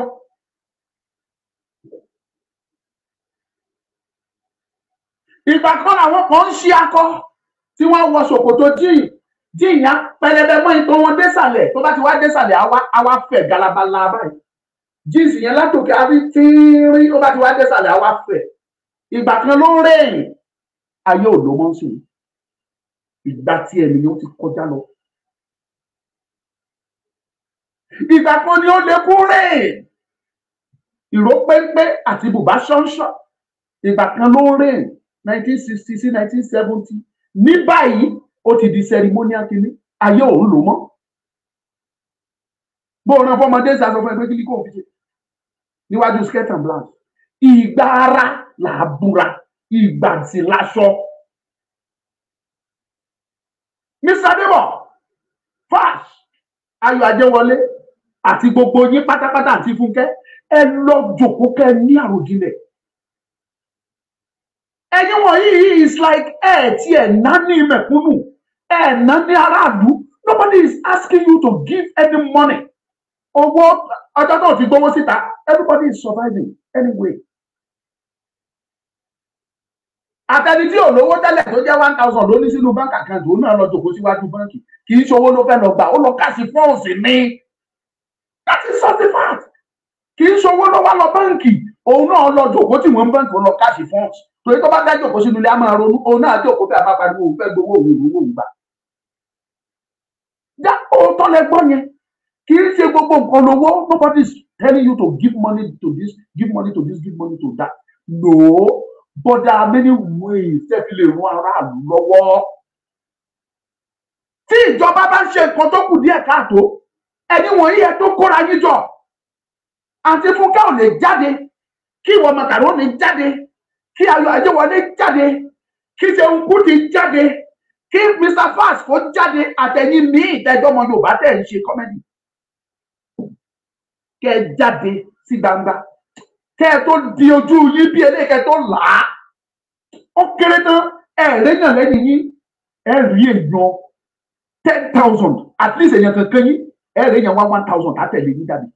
ìgbà kan làwọn kan ń ṣí akọ tí wọ́n wọ ṣòkòtò díì tí èèyàn pẹlẹbẹ mọ ìtọ wọn désàlẹ̀ tó bá ti wá désàlẹ̀ àwa àwa fẹ̀ galabala báyìí jíìsì yẹn látòkè àbí tíírí ó bá ti wá désàlẹ̀ àwa fẹ̀ ìgbà kan ló ń rẹ̀yìn ayé ò ló mọ ń sùn ìgbà tí ènìyàn ti kọjá lọ ìgbà kan ni ó lè kú rẹ̀yìn ìró pẹ́ńpẹ́ àti bùbá ṣánṣán ìgbà kan ló ń nineteen sixty sí nineteen seventy ní báyìí ó ti di ceremonial kínní ayé òun lò mọ́ bó o ràn fọmọdé sàṣọ fún ẹgbẹ́ kílí kò fi ṣe níwájú skirt and blouse ìgbà ara là á búra ìgbà tí láṣọ. Mr. Debo Fash Ayọ̀ Ajẹ́wọlé àti gbogbo yín pátápátá àti Fúnkẹ́ ẹ lọ jòkó kẹ́ ní àròjinlẹ̀ ẹ̀yin wọ̀nyí is like ẹ ti ẹ nání mẹ̀kúnnù ẹ nání aráàlú nobody is asking you to give any money owó ọjọ́ náà ti gbowó síta everybody is surviving anyway. àtẹni tí ò lówó tẹ́lẹ̀ tó jẹ́ one thousand ló ní sínú báńkì àkáǹtì òun náà lọ jòkó síwájú báńkì kì í ṣowó ló fẹ́ lọ gbà ó lọ káàsì fọ́ọ̀sì ní that is such a fact kì í ṣowó ló wá lọ báńkì òun náà lọ jòkó tí wọn ń bẹ̀ǹkì lọ káàsì funds torí tó bá dá jòkó sínú ilé a máa ronú òun náà jòkó bí a máa pariwo òun fẹ́ gbowó òun ìlú òun gbà. dá òótọ́ lẹ gbọ́ yẹn kì í ṣe gbogbo nǹkan lówó nobody is telling you to give money to this give money to this give money to that no but there are many ways tẹ́ fi lè ran aráàlú lọ́wọ́ tí ìjọba bá ń ṣe nǹkan tó kù díẹ̀ káàtó ẹni wọ̀nyí ẹ tó kóra yín àti fúnkẹ́ ò lè jáde kí ìwọ màkàrónì jáde kí ayọ̀ ajẹ́wọlé jáde kí ṣeun kúti jáde kí mr fast kó jáde àtẹ̀yìn míì ìtẹ́jọ́mọ yorùbá tẹ̀ ń ṣe kọ́mẹ́dì kẹ́ jáde sí gbangba kẹ́ ẹ tó di ojú yín bí eléyìí kẹ́ tó là á ó kéré tán ẹ rẹ́yìn lẹ́yìn yín ẹ rí èèyàn ten thousand at least èèyàn kankan yín ẹ rẹ́yìn one one thousand àtẹ̀lé yín jáde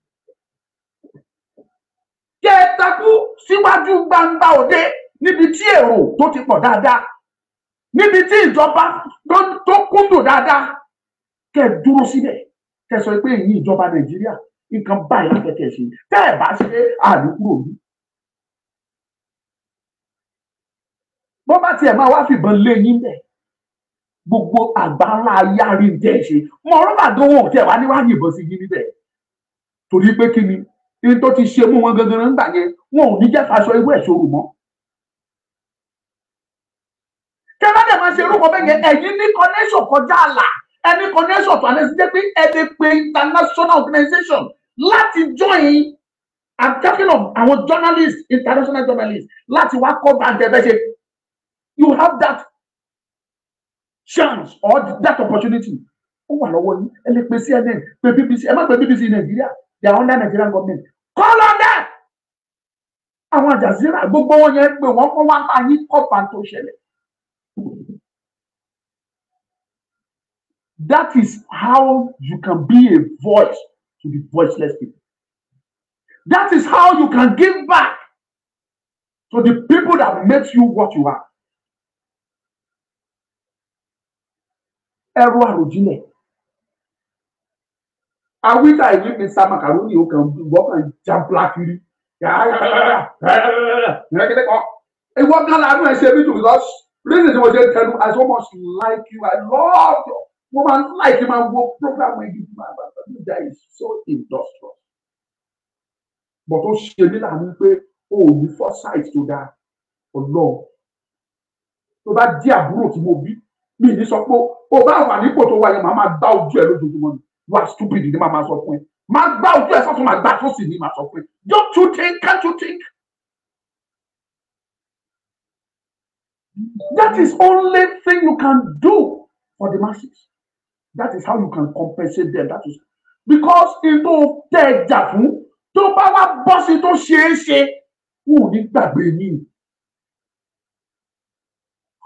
kẹ ẹ takú síwájú gbangba òde níbi tí èrò tó ti pọ̀ dáadáa níbi tí ìjọba tó kúndùn dáadáa kẹ ẹ dúró síbẹ̀ kẹ ẹ sọ pé èyí ìjọba nàìjíríà nǹkan báyìí akẹ́kẹ́ ṣe tẹ́ ẹ bá ṣe àdúgbò mi. bó bá tiẹ̀ máa wá fìbọn lé yín bẹ̀ gbogbo àgbáńlá ayárí ń tẹ̀ ṣe mọ̀ ọ́n bàdánwò tẹ̀ wá níwájú ìbọn sí yín níbẹ̀ torí pé kí ni ní tó ti ṣe mú wọn gangan nígbà yẹn wọn ò ní jẹ́ ká sọ irú ẹ̀ sóru mọ́. kí bá dẹ̀ máa ṣe irú kan bẹ́ẹ̀ yẹn ẹ̀yin ní connection kọjá àlà ẹni connection tó àlẹ́ sí jẹ́ pé ẹni pé international organization láti join i'm talking of àwọn journalists international journalists láti wá kọ́ bá jẹ́ bẹ́ẹ̀ ṣe you have that chance or that opportunity ó wà lọ́wọ́ yín ẹ lè pe CNN pe BBC ẹ má pe BBC Nàìjíríà they are under Nigerian government call on them àwọn àjàzírà gbogbo wọn yẹn pé wọn kọ wá bá yín kọpa tó ṣẹlẹ̀ that is how you can be a voice to the voiceless people that is how you can give back to the people that make you what you are ẹrù àròjinlẹ̀ awíta ìlú mi sa makaroni o kàn bọ́ kàn já blakiri ìwọ kan lanu ẹ ṣe mi too because reason ti mo ṣe tẹnu I so much like you I love you mo máa ń like máa wo program ẹ yìí máa bá bàbá That is so industrial but ó ṣe mí láàánú pé o ò ní foresight tó dáa ọlọ́run tó bá di àbúrò tí mo bí mi ní sọ pé o bá wà nípò tó wáyé màá máa gbá ojú ẹ lójoojúmọ́ ni you are stupid ní màmá sọ fún ẹ máa gbá ojú ẹ sọ́tún máa gbá tó sì ní màá sọ fún ẹ don't you think can't you think. That is only thing you can do for the masses. That is how you can compensate them. That is because ìtò tẹ ẹja fún tó bá wá bọ́ sí tó ṣeé ṣe wọn ò ní gbàgbé yìí.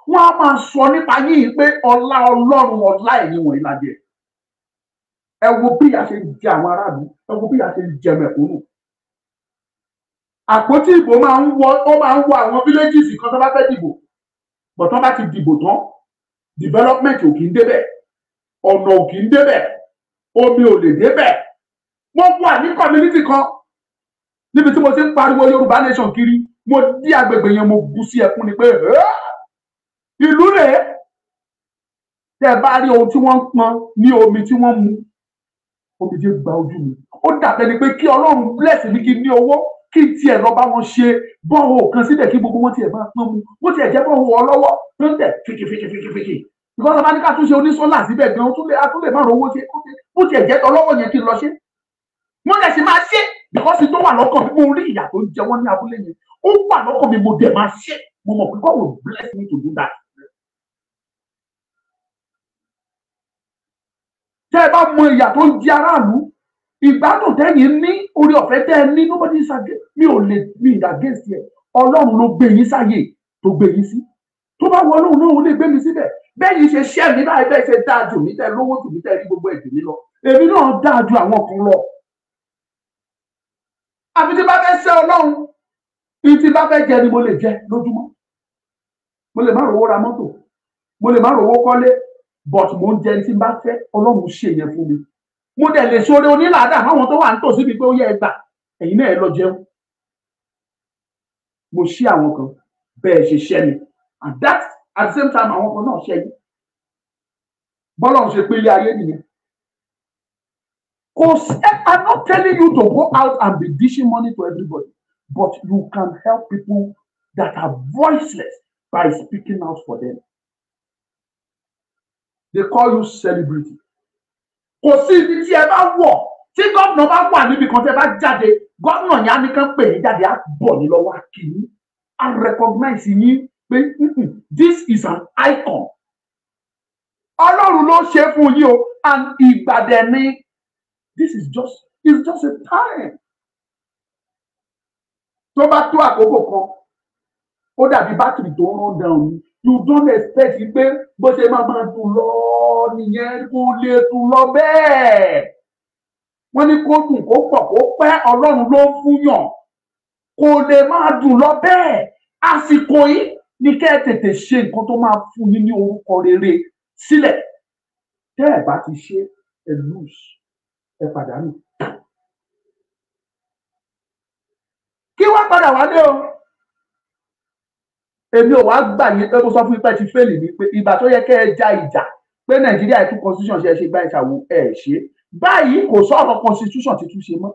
Wọ́n á máa sọ nípa yìí pé ọlá Ọlọ́run ọlá ẹ̀yìn wọ̀nyí la jẹ́ ẹ wo bí a ṣe ń jẹ àwọn aráàlú ẹ wo bí a ṣe ń jẹ mẹ̀kúnnù àpótí ìbò máa ń wọ ó máa ń wọ àwọn villages kan tó bá fẹ́ dìbò but wọ́n bá ti dìbò tán development ò kì í débẹ̀ ọ̀nà ò kì í débẹ̀ omi ò lè débẹ̀ wọ́n wà ní community kan níbi tí mo ti ń pariwo Yorùbá nation kiri mo dí agbègbè yẹn mo bú sí ẹkún ni pé ìlú rèé tẹ́ bá rí ohun tí wọ́n pọn ní omi tí wọ́n mu omijé gba ojú mi ó dàbẹ́ ni pé kí ọlọ́run bless mi kí n ní owó kí n tiẹ̀ lọ bá wọn ṣe bọ́ọ̀hù kan síbẹ̀ kí gbogbo wọn tiẹ̀ máa pín mu wọ́n tiẹ̀ jẹ́ bọ́ọ̀hù ọlọ́wọ́ tó ń tẹ̀ fìkì fìkì fìkì fìkì ìkọ́sọ̀ bá ní ká tún ṣe oníṣọ́là síbẹ̀ gan-an tún lè tún lè má ro owó ṣe ó tiẹ̀ jẹ́ tọ́lọ́wọ́ yẹn kí n lọ ṣe wọ́n lẹ̀ sì máa ṣe bìkọ́sì tó wà lọ́kàn mi mo rí ìyà tó ń jẹ wọ́n ní abúlé yẹn ó wà lọ́kàn mi mo dẹ̀ máa ṣe mo mọ̀ pé God will bless me to do that tẹ́ ẹ bá mọ ìyà tó ń jẹ aráàlú ìgbádùn tẹ́yìn ní orí ọ̀fẹ́ tẹ́ ẹ ní nobody is mi ò lè mi ìdàgẹ́sì ẹ̀ ọlọ́run ló gbé yín sáyè tó gbé yín sí tó bá wọ ọlọ́run náà ó lè gbé mi síbẹ̀ bẹ́ẹ̀ yìí ṣe ṣẹ́ mi báyìí bẹ́ẹ̀ ṣe dáa jù mí tẹ́ lówó jù mí tẹ́ rí gbogbo ẹ̀jẹ̀ mi lọ èmi náà dáa ju àwọn kan lọ. àfi tí bá fẹ́ ṣẹ́ ọlọ́run ìtì bá fẹ́ jẹ ni mo lè jẹ lójúmọ́ mo lè má rówó ra mọ́tò mo lè má rówó kọ́lé but mo ń jẹ ní tí n bá fẹ́ ọlọ́run ṣe yẹn fún mi mo dẹ̀ lè sọ̀rọ̀ onílàádà fáwọn tó wà nítòsí mi pé ó yẹ ẹ gbà ẹ̀yin náà ẹ lọ jẹun mo ṣí àwọn kan bẹ́ẹ̀ ṣe ṣẹ́ mi and that at the same time àwọn kan náà ṣẹ́ yìí bọ́lọ́run ṣe pélé ayé nìyẹn kò sí i'm not telling you to go out and be dishing money to everybody but you can help people that are voiceless by speaking out for them they call you celebrity kò sí ibi tí ẹ bá wọ̀ tí gómìnà bá wà níbi kan tẹ́ bá jáde gómìnà yẹn á ní kán pè é jáde á bọ̀ ní lọ́wọ́ kì á recognize yín pé this is an icon ọlọ́run ló ṣe fún yín o and ìgbàdẹ ni this is just it's just a time tó bá tó àkókò kan ó dàbí bátìrì tó ń rán dáhùn ni you don't expect pé bó ṣe máa máa tún lọ nìyẹn kó lè tún lọ bẹ́ẹ̀ wọ́n ní kó dùn kó pọ̀ kó pẹ́ ọlọ́run ló ń fúnyàn kó lè máa dùn lọ bẹ́ẹ̀ àsìkò yìí ní kẹ́ ẹ tètè ṣe nǹkan tó máa fún yín ní orúkọ rere sílẹ̀ tẹ́ ẹ bá ti ṣe ẹ lose ẹ pàdánù kí wọ́n èmi ò wá gbà yín pé mo sọ fún yín ti fẹ́ẹ̀lì mi pé ìgbà tó yẹ kẹ́ ẹ ja ìjà pé nàìjíríà ètò constitution ṣe é ṣe gbá ìṣàwò ẹ̀ ṣe báyìí kò sọ̀rọ̀ constitution ti tún ṣe mọ́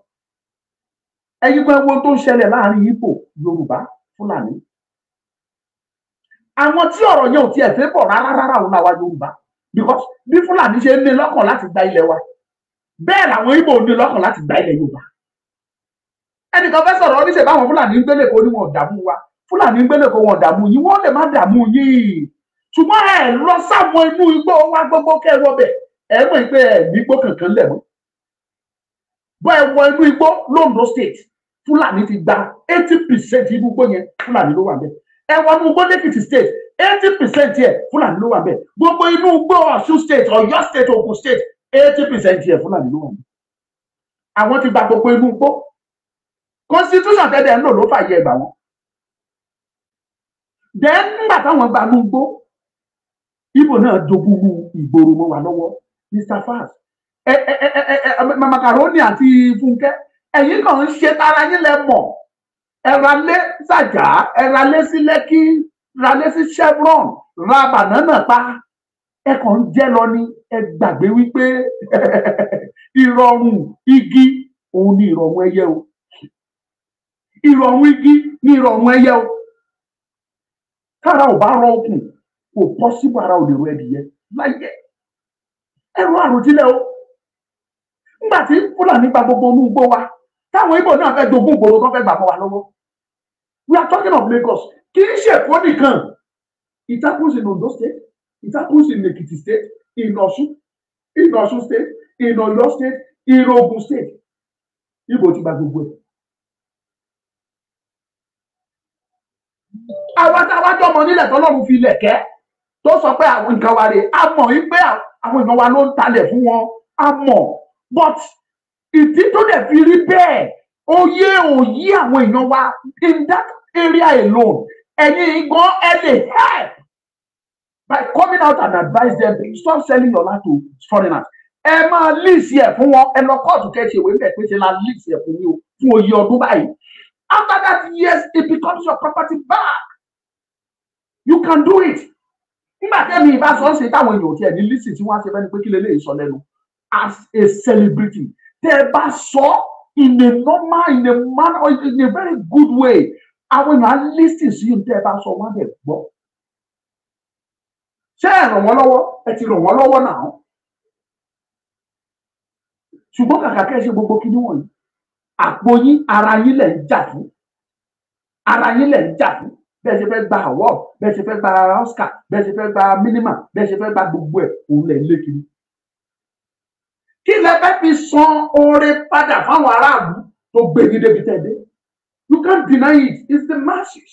ẹ̀yin pé wo tó ń ṣẹlẹ̀ láàrin Ìgbò Yorùbá Fúlàní àwọn tí ọ̀rọ̀ yẹn ò tiẹ̀ fẹ́ bọ̀ rárá rárá òun làwa Yorùbá because bí Fúlàní ṣe ń ní lọ́kàn láti gba ilẹ̀ wa bẹ́ẹ̀ làwọn Ìgbò ń ní lọ́kàn láti gba ilẹ̀ Yorùbá ẹnìkan fẹ́ sọ̀rọ̀ oníṣẹ́ báwọn Fúlàní ń gbélé kó ní wọn ò wa fúlàní gbélébó wọn dààmú yín wọn lè má dààmú yín ṣùgbọ́n ẹ lọ sáwọn inú igbó wa gbogbo kẹrọ bẹ ẹ mọ̀ pé ẹ nígbó kankan lẹ̀ mọ́ bọ́ ẹ wọ inú igbó londo state fúlàní ti gba eighty percent inú igbó yẹn fúlàní ló wà bẹ́ẹ̀ ẹ wọ inú igbó lẹ́kìtì state eighty percent yẹ fúlàní ló wà bẹ́ẹ̀ gbogbo inú igbó ọ̀ṣun state ọ̀yọ́ state ogun state eighty percent yẹ fúlàní ló wà bẹ́ẹ̀ àwọn ti gba gbogbo inú igbó constitution tẹ́lẹ̀ ń lò ló fàyè ẹgbà wọn then nígbà táwọn gbanú gbó ibo náà jogúrú ìgboro mọ́ wa lọ́wọ́ mr fars ẹ ẹ ẹ ẹ ẹ macaroni àti fúnkẹ́ ẹ̀yin kàn ń ṣe tara yín lẹ mọ̀ ẹ̀ralé sàjà ẹ̀ralé sí lẹ́kí ralé sí chevron ra bànánà pa ẹ kàn ń jẹ́ lọ ni ẹ gbàgbé wípé <laughs> ìrọ̀rùn igi òun ni ìrọ̀rùn ẹyẹ o ìrọ̀rùn igi ni ìrọ̀rùn ẹyẹ o tára ò bá rọgùn kò bọ́ síbò ara ò lè ro ẹdìyẹ láyé ẹrù àròjinlẹ̀ o nígbà tí fúlàní gba gbogbo inú igbó wa táwọn ibo náà fẹ́ jogún ìgboro tó fẹ́ gbà bọ́ wa lọ́wọ́ we are talking of Lagos kì í ṣe èkó nìkan it happens in Ondo state it happens in Ekiti state in Osun, in Osun state in Oyo state in Ogun state ibo ti gba gbogbo ẹ̀ àwa tá a wá jọmọ nílẹ̀ tọ́lọ́run fi ilẹ̀ kẹ́ tó sọ pé àwọn nǹkan wa rè é a mọ̀ wípé àwọn èèyàn wa ló ń talẹ̀ fún wọn a mọ̀ but ìdí tó dẹ̀ fi rí bẹ́ẹ̀ ó yé òyí àwọn èèyàn wa in that area alone ẹ̀yin gan ẹ lè help by coming out and advise them stop selling your land to foreigners ẹ máa lease yẹ fún wọn ẹ lọ kóòtù kẹsì ìwé bẹ́ẹ̀ pé ṣe la lease yẹ fún yín o fún oyè ọdún báyìí after that years it becomes your property back you can do it nígbà tẹ́mi ìbá sọ ṣe táwọn èèyàn tiẹ̀ ní lísì tí wọ́n á ṣe fẹ́ni pé kí lélẹ́yìí sọ lẹ́nu as a celebrity tẹ́ ẹ bá sọ in a normal in a manner in a very good way àwọn èèyàn á lísì sí i tẹ́ ẹ bá sọ wọ́n á dẹ̀ gbọ́ ṣé ẹ ràn wọ́n lọ́wọ́ ẹ ti ràn wọ́n lọ́wọ́ náà ṣùgbọ́n kàkà kẹ́ ẹ ṣe gbogbo kíní wọ̀nyí àpò yín ara yín lẹ̀ ń jà fún ara yín lẹ̀ ń jà fún bẹ́ẹ̀ ṣe fẹ́ gba award bẹ́ẹ̀ ṣe fẹ́ gba Oscar bẹ́ẹ̀ ṣe fẹ́ gba minima bẹ́ẹ̀ ṣe fẹ́ gba gbogbo ẹ̀ òun lẹ̀ lé kiri. kí lẹ fẹ́ fi san oore padà fáwọn aráàlú tó gbé ní débi tẹ̀lé you can't deny it it's the masses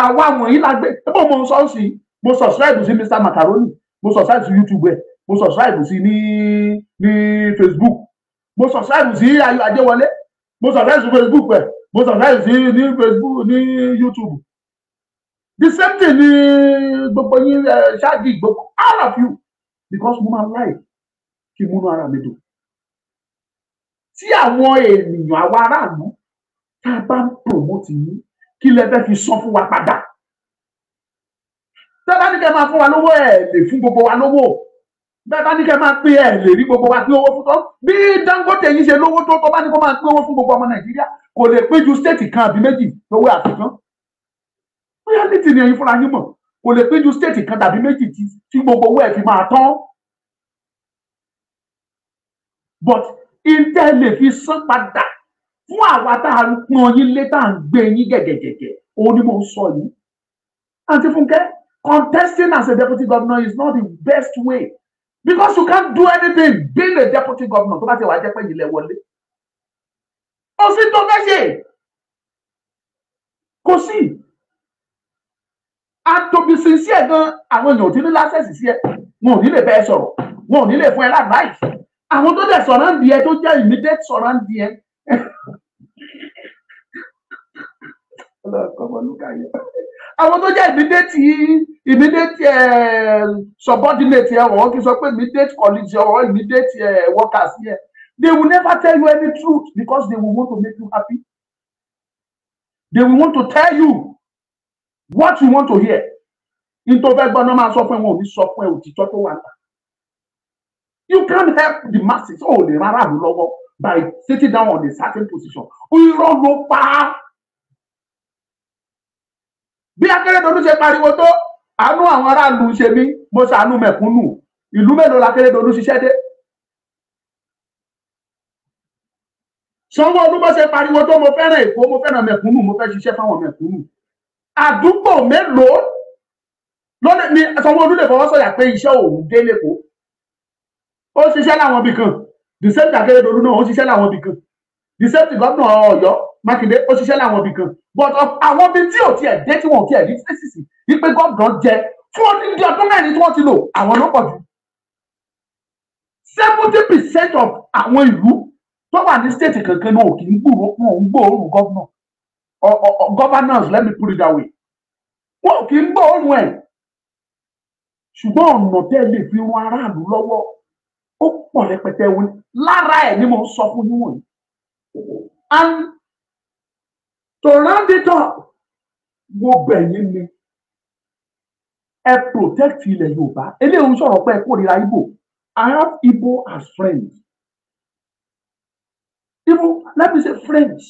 àwa wọ̀nyí la gbé ẹ bọ́ mo sọ sí mo subscribe sí Mr Macaroni mo subscribe sí YouTube ẹ mo subscribe sí ní ní Facebook mo subscribe sí Ayọ̀ Adéwọlé mo subscribe sí Facebook ẹ mo subscribe sí ní Facebook ní YouTube the same thing ni gbogbo yín eh, ṣáàdì gbogbo all of you because mo máa ń láì kí múnú ara mi dùn tí àwọn ènìyàn àwa aráàlú tá a bá ń promote yín kí lẹ fẹ́ fi san fún wa padà tẹ bá ní kẹ́ máa fún wa lówó ẹ lè fún gbogbo wa lówó bẹ́ẹ̀ bá ní kẹ́ máa pín ẹ lè rí gbogbo wa pín owó fún tọ́ bí Dangote yìí ṣe lówó tó tọ́ bá ní kó máa pín owó fún gbogbo ọmọ Nàìjíríà kò lè pín ju stéètì kan àbí méjì lówó àfikún bóyá ní tì ní ẹ̀yin fúnra yín mọ̀ kò lè péjú stéètì kan tàbí méjì tí gbogbo owó ẹ̀ fi máa tán but intel lè fi san padà fún àwa tá a pọn yín lé tá à ń gbé yín gẹ̀gẹ̀gẹ̀gẹ̀ òun ni mò ń sọ yìí àǹtí Fúnkẹ́ contesting as a deputy governor is not the best way because you can't do anything being a deputy governor tó bá ti wà jẹ́ pé ìlẹ̀ wọlé kò sí tó fẹ́ ṣe kò sí àtòbí sincere gan àwọn èèyàn ò ti ní lásẹ̀sì sí ẹ wọn ò ní lè bẹ́ẹ̀ sọ̀rọ̀ wọn ò ní lè fún ẹ láàbáyìí àwọn tó dẹ̀ sọ̀rọ̀ ń di ẹ tó jẹ́ immediate sọ̀rọ̀ ń di ẹ. àwọn tó jẹ́ immediate immediate eh, subordinate ẹ wọ́n kì í sọ pé immediate colleagues ẹ wọ́n immediate eh, workers ẹ they will never tell you any truth because they will want to make you happy they will want to tell you what you want to hear nítorí fẹ́ gbọ́ náà máa sọ fún ẹ wọn ò ní sọ fún ẹ òtítọ́ tó wà níta you can help the masses ó lè rárá àlù lọ́wọ́ by sitting down on a certain position irọ́ ló pa á bí akérèdọ́lù ṣe pariwo tó àánú àwọn aráàlú ṣe mí mo ṣàánú mẹ̀kúnnù ìlú mélòó la akérèdọ́lù ṣiṣẹ́ dé sanwó-olú bó ṣe pariwo tó mo fẹ́ràn èkó mo fẹ́ràn mẹ̀kúnnù mo fẹ́ ṣiṣẹ́ fáwọn mẹ̀kúnnù àdúgbò mélòó lónìí ni Sanwó-Olú lè fọwọ́ sọ̀yà pé iṣẹ́ òun dé lẹ́kọ̀ọ́ ó ṣiṣẹ́ láwọn ibì kan the same Akérédolú náà ó ṣiṣẹ́ láwọn ibì kan the same gómìnà Ọ̀yọ́ Mákindé ó ṣiṣẹ́ láwọn ibì kan but àwọn ibi tí ò tiẹ̀ dé tí wọn ò tiẹ̀ rí sísìsì wípé gómìnà jẹ fún odidi ọdún mẹ́rin tí wọ́n ti lò àwọn ló pọ̀ jù seventy percent of àwọn ìlú tó wà ní state kankan náà kì í gbòòrò gómìnà or, or, governance let me put it that way wọn kì í gbọ́ òun ẹ̀ ṣùgbọ́n ọ̀nà tẹ́ lè fi wọn aráàlú lọ́wọ́ ó pọ̀ rẹpẹtẹ wọn lára ẹ̀ ni mo sọ fún yín wọ̀nyí and to round it up mo bẹ̀ yín ni ẹ protect ilẹ̀ Yorùbá eléyìí sọ̀rọ̀ pé ẹ kórìíra Ibo. I have Ibo as friends Ibo. let me say friends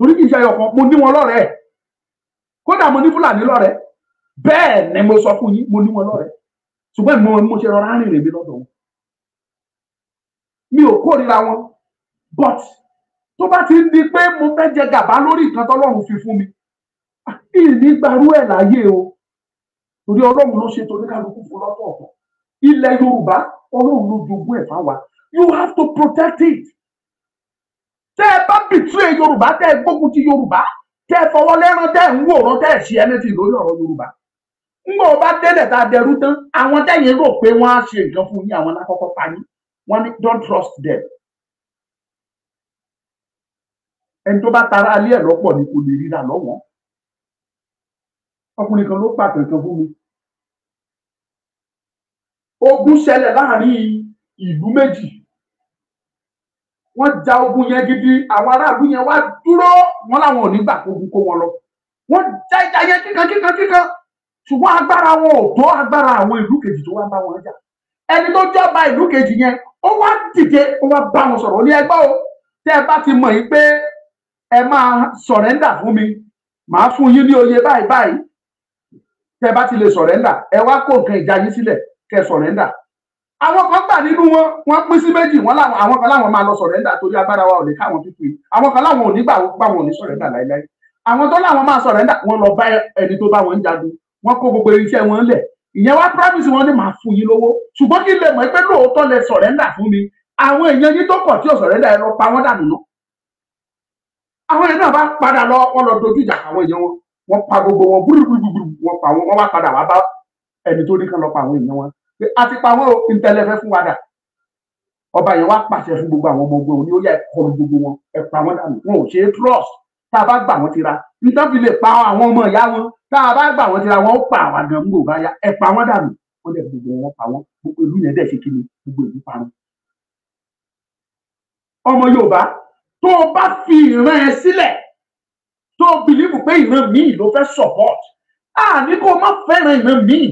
torí kì í ṣe ẹyọkan mo ní wọn lọ́rẹ̀ẹ́ kódà mo ní fúlàní lọ́rẹ̀ẹ́ bẹ́ẹ̀ ni mo sọ fún yín mo ní wọn lọ́rẹ̀ẹ́ ṣùgbọ́n mo mo ṣe rọra rìn rèmi lọ́dọ̀ wọn mi ò kórìíra wọn but tó bá ti ń di pé mo fẹ́ jẹ gàba lórí nǹkan tọ́lọ́run fi fún mi ìní gbarú ẹ̀ láyé o torí ọlọ́run ló ṣètò oníkàlùkù fún lọ́tọ̀ọ̀tọ̀ ilẹ̀ yorùbá ọlọ́run ló jogún ẹ̀ fáwa you have to protect it tẹ́ ẹ bá bìtúrẹ̀ yorùbá tẹ́ ẹ gbógun ti yorùbá tẹ́ ẹ fọwọ́ lẹ́rán tẹ́ ẹ ń wòran tẹ́ ẹ ṣe ẹnẹ́tì lórí ọ̀rọ̀ yorùbá ńgbà ó bá délẹ̀ tá a dẹrú tán àwọn tẹ́yìn rò pé wọ́n á ṣe nǹkan fún yín àwọn lákọ́kọ́ pa wọ́n ní don't trust them ẹni tó bá tara alẹ́ ẹ̀ lọ́pọ̀ ni kò lè ríra lọ́wọ́ ọkùnrin kan ló pa kankan fún mi ogun ṣẹlẹ̀ láàrin ìlú méjì wọ́n ja ogun yẹn gidi àwọn aráàlú yẹn wá dúró wọn làwọn ò ní gbà kó ogun kó wọn lọ wọ́n ja ìjà yẹn kíkan kíkan kíkan ṣùgbọ́n agbára wọn ò tó agbára àwọn ìlú kejì tó wá bá wọn jà ẹni tó jọba ìlú kejì yẹn ó wá dìde ó wá bá wọn sọ̀rọ̀ ní ẹgbẹ́ o tẹ́ ẹ bá ti mọ̀ yín pé ẹ máa sọ̀rẹ́ndà fún mi màá fún yín ní oyè báyìí báyìí tẹ́ ẹ bá ti lè sọ̀rẹ́ndà ẹ wá kó nǹkan ìjà yín sílẹ̀ kẹ́ sọ̀rẹ́ndà àwọn kan gbà nínú wọn wọn pín sí méjì wọn láwọn àwọn kan láwọn máa lọ sọrẹńdà torí agbára wa ò lè káwọn pípé àwọn kan láwọn ò ní gbà wọn ò ní sọrẹńdà láéláé àwọn tó láwọn máa sọrẹńdà wọn lọ bá ẹni tó bá wọn ń jagun wọn kó gbogbo irinṣẹ́ wọn lẹ̀ ìyẹn wá promise wọn ni màá fún yín lówó ṣùgbọ́n kí lè mọ̀ pé lóòótọ́ lẹ sọrẹńdà fún mi àwọn èèyàn yín tó pọ̀ tí ò sọrẹńdà ẹ lọ pa wọn dànù náà àwọn èèyàn náà pé a ti pa wọn o ìtẹ̀lẹ̀ fẹ́ fún wa dà ọba yẹn wá pàṣẹ fún gbogbo àwọn ọmọ ogun òní ó yà ẹkọ gbogbo wọn ẹ pa wọn dànù wọn ò ṣe é trust tá a bá gbà wọn ti ra nítorí lè pa àwọn ọmọ ìyá wọn tá a bá gbà wọn ti ra wọn ó pa àwọn àgàn ńgbò bá yá ẹ pa wọn dànù wọn lè gbogbo wọn pa wọn gbogbo ìlú yẹn dẹ̀ ṣe kí ni gbogbo ìlú parun. ọmọ Yorùbá tó o bá fi ìran ẹ sílẹ̀ tó o bìlíìfù pé ìran míì ló fẹ́ support àní kó o má fẹ́ràn ìran míì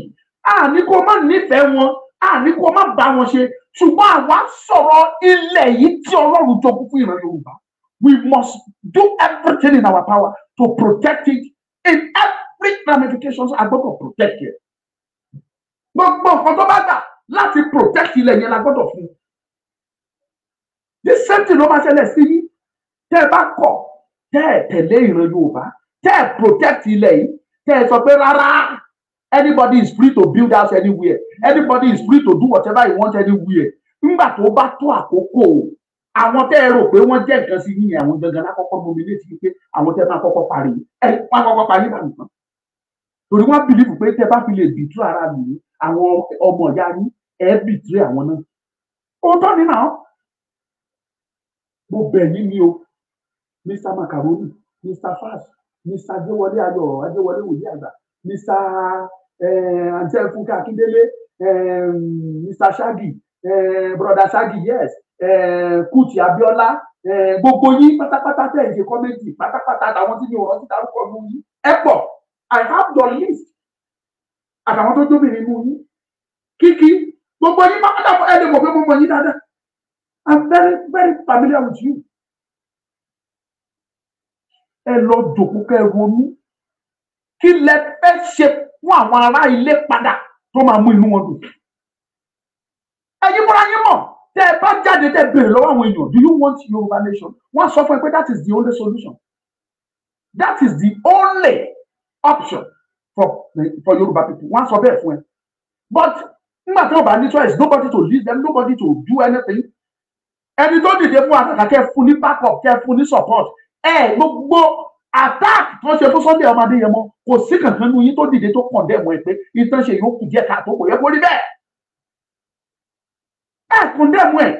àní kó má nífẹ̀ẹ́ wọn àní kó má bá wọn ṣe ṣùgbọ́n àwa sọ̀rọ̀ ilẹ̀ yìí tí ọlọ́run jogún fún ìran yorùbá we must do everything in our power to protect it in every ramifications a gbọ́dọ̀ protect it gbogbo nǹkan tó bá gbà láti protect ilẹ̀ yẹn la gbọ́dọ̀ fún the same thing ló máa ṣẹlẹ̀ sí yín tẹ́ ẹ bá kọ̀ tẹ́ ẹ tẹ̀lé ìran yorùbá tẹ́ ẹ protect ilẹ̀ yìí tẹ́ ẹ sọ pé rárá anybody is free to build house anywhere anybody is free to do whatever he wants anywhere nígbà tó bá tó àkókò àwọn tẹ́ ẹ rò pé wọ́n jẹ́ nǹkan sí yíyan àwọn gangan lákọ́kọ́ mọ́mi létí pé àwọn tẹ́ máa kọ́kọ́ parí ẹ máa kọ́kọ́ parí ìbànú kan torí wọ́n bìlífù pé tẹ́ bá fi lè bìtú ara mi àwọn ọmọ ìyá yín ẹ bìtú àwọn náà òótọ́ ni náà mo bẹ̀ yín ni o Mr Macaroni Mr Fast Mr Adéwọlé Ayọ̀ Adéwọlé Wòlíì Àgbà mr àǹtẹ̀fúnkẹ́ akíndélé mr shaggy eh, brother shaggy yes eh, Kuti abiola eh, gbogbo yín pátápátá tẹ̀ ń ṣe kọ́mẹ́tì pátápátá àtàwọn tí mi ò rántí dárúkọ mú yín ẹ pọ̀ i have your list àtàwọn tó jóbìnrin mú yín kíkí gbogbo yín pátápátá ẹ lè mọ̀ pé mo mọ̀ yín dáadáa i'm very very familiar with you ẹ lọ jòkó kẹ ronú kí lẹ fẹ́ ṣe fún àwọn ará ilé padà tó máa mú inú wọn dùn ẹ̀yin múra yín mọ̀ tẹ́ ẹ bá jáde tẹ́ béèrè lọ́wọ́ àwọn èèyàn do you want Yorùbá nation wọ́n sọ fún ẹ pé that is the only solution that is the only option for for Yorùbá people wọ́n sọ bẹ́ẹ̀ fún ẹ but nígbà tí wọ́n bá ní choice nobody to lead them nobody to do anything ẹni tó dìde fún àtàkà kẹ́ fún ní backup kẹ́ fún ní support ẹ gbogbo attack tó ṣe fún Sunday ọmọdé yẹn mọ kò sí kankan nu yín tó dìde tó kàn dẹ́mọ̀ ẹ pé ìtàn ṣe yóò kù díẹ̀ káàtó kò yẹ kó rí bẹ́ẹ̀ ẹ kàn dẹ́mọ̀ ẹ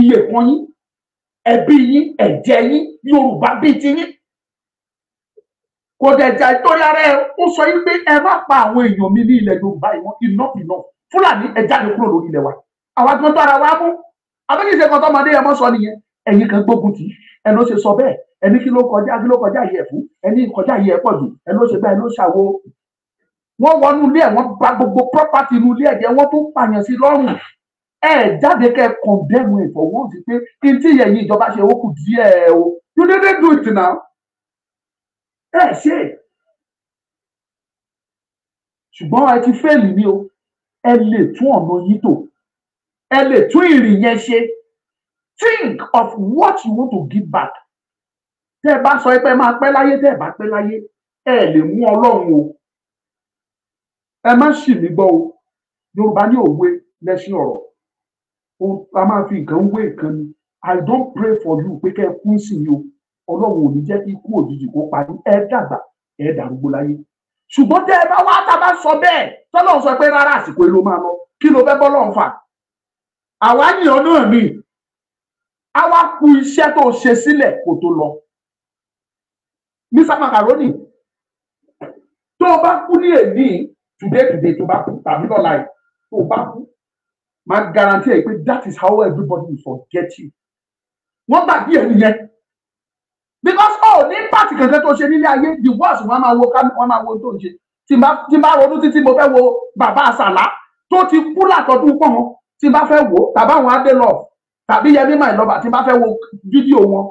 iye kan yín ẹbí yín ẹ̀jẹ̀ yín Yorùbá bíi ti yín kò dẹ̀jà ìtòrí ara ẹ ó sọ yín pé ẹ má pa àwọn èèyàn mi ní ilẹ̀ Yorùbá ìwọ̀n iná iná Fúlàní ẹ jáde kúrò lórí ilẹ̀ wa àwa tó dára wa mú abẹ́lẹ́sẹ̀ kan tọ́mọdé ẹ mọ́ sọ nìyẹn ẹni kí ló kọjá kí ló kọjá yẹ fún ẹni kọjá yẹ pọ̀ jù ẹni ló ṣe báyìí ló ṣàwo wọ́n wọnú ilé ẹ̀ wọ́n bà gbogbo property inú ilé ẹ̀ jẹ́ wọ́n tún pààyàn sí lọ́rùn ẹ jáde kẹ́ condemn ẹ for once pé kí n tí ìyẹn yìí ìjọba ṣe ó kù díẹ̀ o you didn't do it now ẹ ṣe ṣùgbọ́n ẹ ti fẹ́ẹ̀lì ni o ẹ lè tún ọ̀nà yìí tò ẹ lè tún ìrìn yẹn ṣe think of what you want to give back tẹ́ ẹ bá sọ pé máa pẹ́ láyé tẹ́ ẹ bá pẹ́ láyé ẹ lè mú ọlọ́run o ẹ má sì mí gbọ́ o yorùbá ní òwe lẹ́sìn ọ̀rọ̀ a máa fi nǹkan wé nǹkan ni i don't pray for you pé kẹ́ ẹ kú sí mi o ọlọ́run ò ní jẹ́ kí ikú òjijì kó parí ẹ dàgbà ẹ dàrúgbó láyé ṣùgbọ́n tẹ́ ẹ bá wá tá a bá sọ bẹ́ẹ̀ tọ́lọ́run sọ pé rárá àsìkò èlò máa lọ kí ló fẹ́ bọ́lọ́run fà àwa yìnyín náà mi àwa kú iṣẹ́ tó ṣe sílẹ̀ kó tó lọ Mr. Macaroni tó o bá kú ní èmi today today tó o bá kú tàbí lọ́la yìí tó o bá kú máa guarantee ẹ pé that is how everybody will forget you wọ́n gbàgbé ẹ nìyẹn because ó oh, ní pàtì kankan tó ṣe nílé ayé the worst wọ́n máa wo wọ́n máa wo tó ń ṣe tí n bá ronú títí mo fẹ́ wo bàbá àṣàlá tó ti kú látọdún pọ́n tí n bá fẹ́ wo tàbí àwọn adé lọ tàbí yẹmí máa lọ́ba tí n bá fẹ́ wo fídíò wọn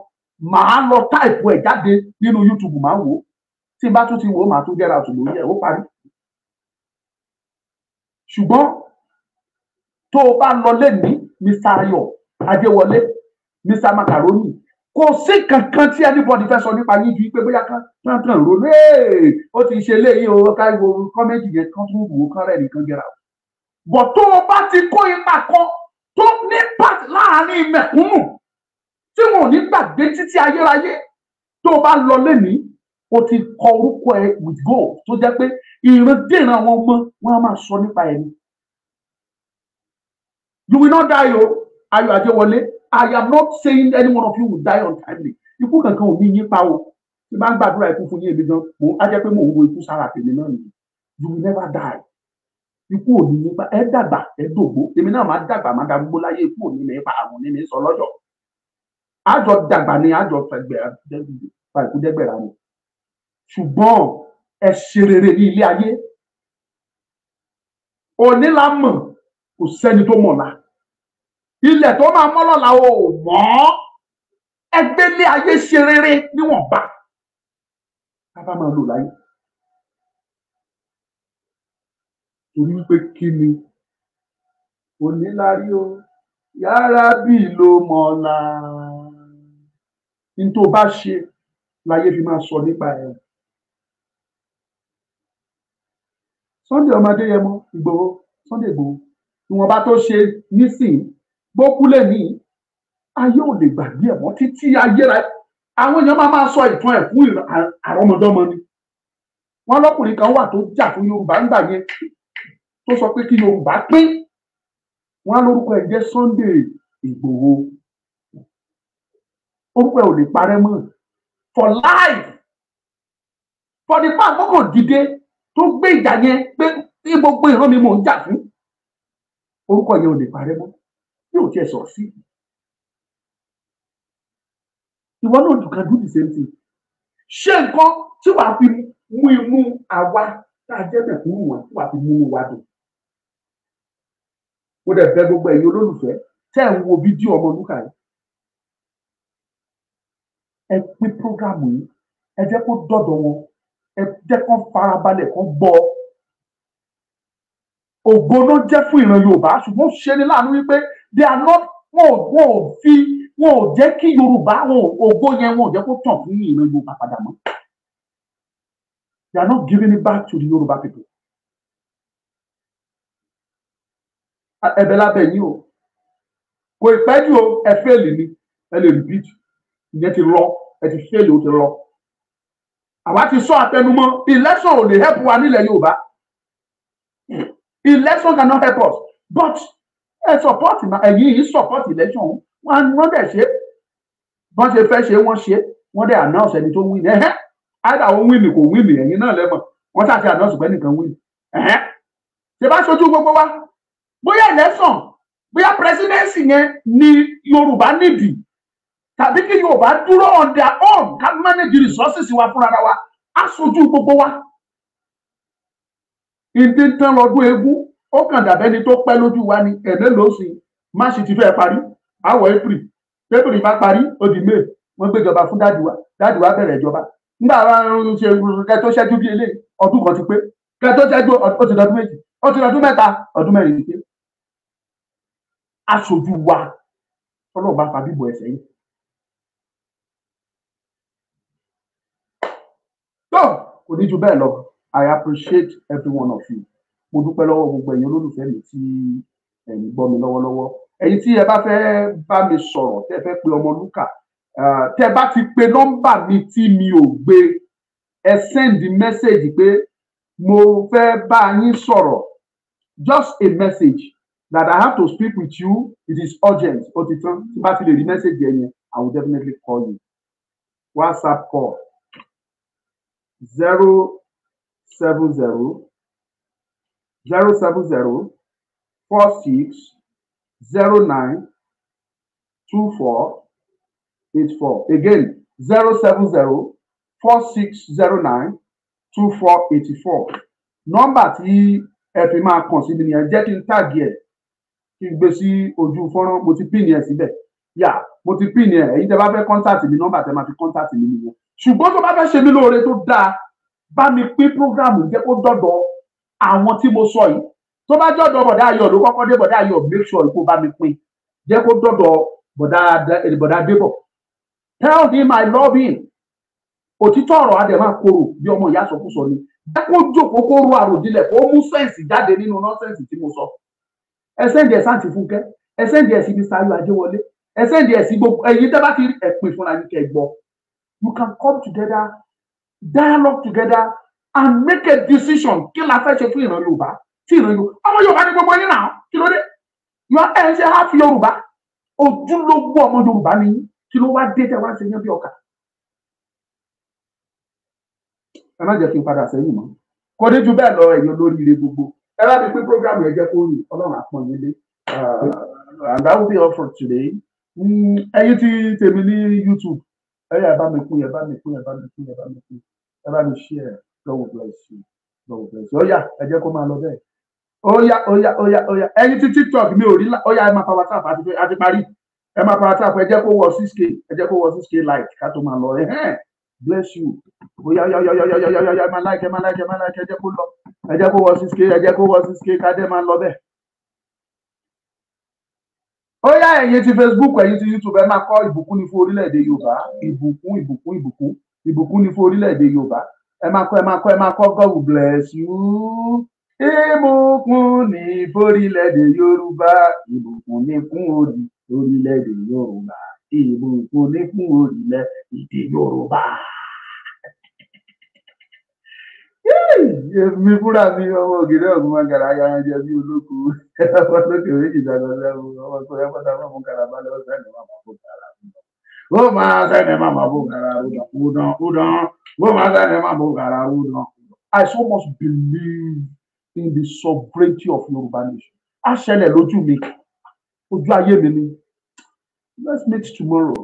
màá lọ táìpù ẹ̀ jáde nínú YouTube màá wò ó tí n bá tún ti wò ó màá tún gẹ́ra tùlù yẹ ó parí. ṣùgbọ́n tó o bá lọ lẹ́ni Mr. Ayọ̀ Adéwọlé Mr. Macaroni kò sí kankan tí anybody fẹ́ sọ nípa yín ju pé bóyá kan kan kan ro léè ó ti ṣe léyìí o ká wo kọ́mẹ́dì yẹn kan tún wò ó kán rẹ̀ nìkan gẹ́ra o. bọ̀ tó o bá ti kó ipa kan tó ní pàt láàrin mẹ̀kúnnù tí wọn ò ní gbàgbé títí ayérayé tó o bá lọ lẹ́nìí o ti kọ orúkọ ẹ with gold tó jẹ́ pé ìrandíran àwọn ọmọ wọn á máa sọ nípa ẹni. you will not die o ayọ̀ àjẹwọlé i am not saying any one of you will die untimely ikú kankan ò ní yín pa o tí bá ń gbàdúrà ikú fún yín èmi gan mò ń á jẹ́ pé mò ń wo ikú sára tèmi náà nìyí you will never die ikú ò ní nípa ẹ dàgbà ẹ dògbó èmi náà máa dàgbà máa darúgbó láyé ikú ò ní nípa àwọn ní sọ lọ́jọ́ àjọ dàgbà ni àjọ fẹgbẹ fàìkúdẹgbẹrà ni ṣùgbọ́n ẹ ṣe rere ní ilé ayé onílàmọ kò sẹ́ni tó mọ̀la ilẹ̀ tó máa mọ́ lọ́la o mọ̀ ẹgbẹ́ ilé ayé ṣe rere níwọ̀nba ká bá máa lò láyé torí pé kí ni onílárí o yàrá bíi ló mọ̀la ní tó bá ṣe láyé fi máa sọ nípa ẹ̀ o. Sunday ọmọdé yẹn mọ Ìgbòho Sunday Ìgbòho ìwọ̀nba tó ṣe nísìn gbókúlẹ̀ ní ayé ò lè gbàgbé ẹ̀ mọ́ títí ayéra àwọn èèyàn máa máa sọ ìtàn ẹ̀ fún àrọ́mọdọ́mọ ni wọn lọkùnrin kan wà tó jà fún Yorùbá ńgbà yẹn tó sọ pé kí Yorùbá pín wọn lórúkọ ẹ̀ jẹ́ Sunday Ìgbòho orúkọ ẹ ò lè parẹ́ mọ́ for life for the fact kókò dìde tó gbé ìjà yẹn pé ní gbogbo ìran mi mò ń jà fún orúkọ yẹn ò lè parẹ́ mọ́ yóò tiẹ̀ sọ̀rọ̀ sí ìwọ náà dùn kan do the same thing ṣé nǹkan tí wàá fi mú imú àwa tá a jẹ́ mẹ̀kúnnù wọn tí wàá fi mú wa dùn mo dẹ̀ bẹ̀ gbogbo ẹ̀yin olólùfẹ́ tẹ́ ẹ̀ ń wo fídíò ọmọ lúkà yìí ẹ pín prógrámù yìí ẹ jẹ́ kó dọ̀dọ̀ wọn ẹ jẹ́ kó farabalẹ̀ kó gbọ́ ògo ló fún ìran yorùbá ṣùgbọ́n ṣe ni láàánú wípé they are not wọn ò wọn ò fi wọn ò jẹ́ kí yorùbá wọn ògo yẹn wọn ò jẹ́ kó tàn fún ìran yorùbá padà mọ́ they are not giving it back to the yorùbá people ẹ̀bẹ̀ lábẹ́ yín o kò ì pẹ́ jù o ẹ fẹ́ẹ̀lì ni ẹ lè repeat ìyẹn ti lọ ẹ ti fẹ́ẹ̀lì ó ti lọ àwa ti sọ àtẹnumọ́ election ò lè help wa nílẹ̀ Yorùbá election cannot help us but ẹ support ẹ̀yin yìí support election wọn wọn dẹ̀ ṣe bọ́n ṣe fẹ́ ṣe wọ́n ṣe wọ́n dẹ̀ announce ẹni tó win ẹ̀hẹ́ either ó win kò win ẹ̀yin náà lẹ́mọ̀ wọ́n ṣàṣe announce pé nìkan win ẹ̀hẹ́ ṣe bá ṣojú gbogbo wa bóyá election bóyá presidency yẹn ni Yorùbá nídìí tàbí kí Yorùbá dúró on their own ká manage resources wa fúnra wa aṣojú gbogbo wa. ìdí tán lọ́dún eégún ó kàn dàbẹ́ ni tó pẹ́ lójú wa ni ẹ̀mẹ́ ló sì má sì ti fẹ́ parí àwọ̀ april april bá parí ó di may wọ́n gbéjọba fún dáàdùwà dáàdùwà bẹ̀rẹ̀ ìjọba nígbà wọn ṣe kẹ tó ṣẹ́jú bí eléyìí ọdún kan ti pé kẹ tó ṣẹ́jú ó ti dọdún méjì ó ti dọdún mẹ́ta ọdún mẹ́rin ti pé aṣojú wa ọlọ́ọ̀bá fàbíbọ̀ ẹ̀sẹ̀ yìí tó kò ní ju bẹ́ẹ̀ lọ i appreciate every one of you mo dúpẹ́ lọ́wọ́ gbogbo ẹ̀yin olólùfẹ́ mi tí ẹ̀yin gbọ́ mi lọ́wọ́lọ́wọ́ ẹ̀yin tí ẹ bá fẹ́ bá mi sọ̀rọ̀ tẹ́ fẹ́ pe ọmọ lúkà tẹ́ bá ti pe nọ́mbà mi tí mi ò gbé ẹ send message pé mo fẹ́ bá yín sọ̀rọ̀ just a message that I have to speak with you it is urgent ó ti tán tí bá ti lè rí message yẹn I will definitely call you WhatsApp call zero seven zero zero seven zero four six zero nine two four eight four again zero seven zero four six zero nine two four eight four nọ́mbà tí ẹ fi máa kàn sí mi nìyẹn jẹ́ kí n tàgì ẹ̀ kí n gbé sí ojú fọ́nrán mo ti pín yẹn síbẹ̀ yà. Yeah mo ti pín ní ẹ èyí tẹ bá fẹ́ kọ́ńtàtì mi nọ́mbà tẹ máa fi kọ́ńtàtì mi nìyẹn ṣùgbọ́n tó bá fẹ́ ṣe mí lóore tó dáa bá mi pín prógráàmù jẹ́ kó dọ̀dọ̀ àwọn tí mo sọ yìí tó bá jọ̀dọ̀ bọ̀dá ayọ̀ ló kọ́kọ́ dé bọ̀dá ayọ̀ make sure kó bá mi pín jẹ́ kó dọ̀dọ̀ bọ̀dá eh, bọ̀dá débọ̀ tell him I love him òtítọ́ ọ̀rọ̀ adẹ̀ máa korò bí ọmọ ìyá sọkúsọ ni jẹ́ kó jókòó kó ro àròjinlẹ̀ kó mú sẹ́ǹsì jáde nínú nọ́sẹ̀ǹsì tí mo sọ ẹ sẹ́ǹdì ẹ̀ sáǹtì fúnkẹ́ ẹ sẹ́ǹdì ẹ̀ sí mi sáyọ ajéwọlé ẹ sẹ́ndì ẹ̀ sí gbogbo ẹ̀yin tẹ́ bá ti rí you can come together dialogue together and make a decision kí la fẹ́ ṣe fún ìran Yorùbá tí ìran Yorùbá ọmọ Yorùbá ní gbogbo yín náà kí ló dé yọ ẹ ṣe half Yorùbá ojúlówó ọmọ Yorùbá ni kí ló wá dé tẹ wá ṣe yẹn bí ọkà ẹ má jẹ́ kí n padà sẹ́yìn mọ́ kò ní ju bẹ́ẹ̀ lọ ẹ̀yin program yẹn uh, and that will be all for today ẹ̀yin tí tèmi ní youtube ẹ̀yin ẹ bá mi pín ẹ bá mi pín ẹ bá mi pín ẹ bá mi pín ẹ bá mi share lọ́wọ́ bless you lọ́wọ́ bless you ó yá ẹ jẹ́ kó máa lọ bẹ́ẹ̀ ó yá ó yá ó tí tiktok mi ò rí ó yá ẹ máa power tap àti parí ẹ máa power tap ẹ jẹ́ kó wọ six k ẹ kó wọ six k like ká tó máa lọ ẹ bless you ó yá yá yá yá yá yá yá ẹ máa like ẹ máa like ẹ máa like ẹ jẹ́ kó lọ ẹ jẹ́ kó wọ six k ẹ kó wọ six k ká dé máa lọ bẹ́ẹ̀ ó yá ẹ̀yin ti facebook ẹ̀yin ti youtube ẹ máa kọ ìbùkún ní fún orílẹ̀-èdè yorùbá ìbùkún ìbùkún ìbùkún ìbùkún ní fún orílẹ̀-èdè yorùbá ẹ máa kọ ẹ máa kọ ẹ máa kọ god bless you ìbùkún ní forílẹ̀-èdè yorùbá ìbùkún ní fún orílẹ̀-èdè yorùbá ìbùkún ní fún orílẹ̀-èdè yorùbá mi fúnra mi ọmọ ògèrè ọ̀gbìn máa gàrà ayára jẹ bí olóko ọmọ méjì dáná lẹ́wọ̀ ọmọ tó yẹ pátá máa mú gàrà balẹ̀ sẹ́ni máa máa fún gàrà ó máa sẹ́ni máa máa fún gàrà udán udán ó máa sẹ́ni máa fún gàrà udán. I so much believe in the sovereignty of Yorùbá nation. A ṣẹlẹ̀ lójú mi, ojú ayé mi ni. Let's meet tomorrow.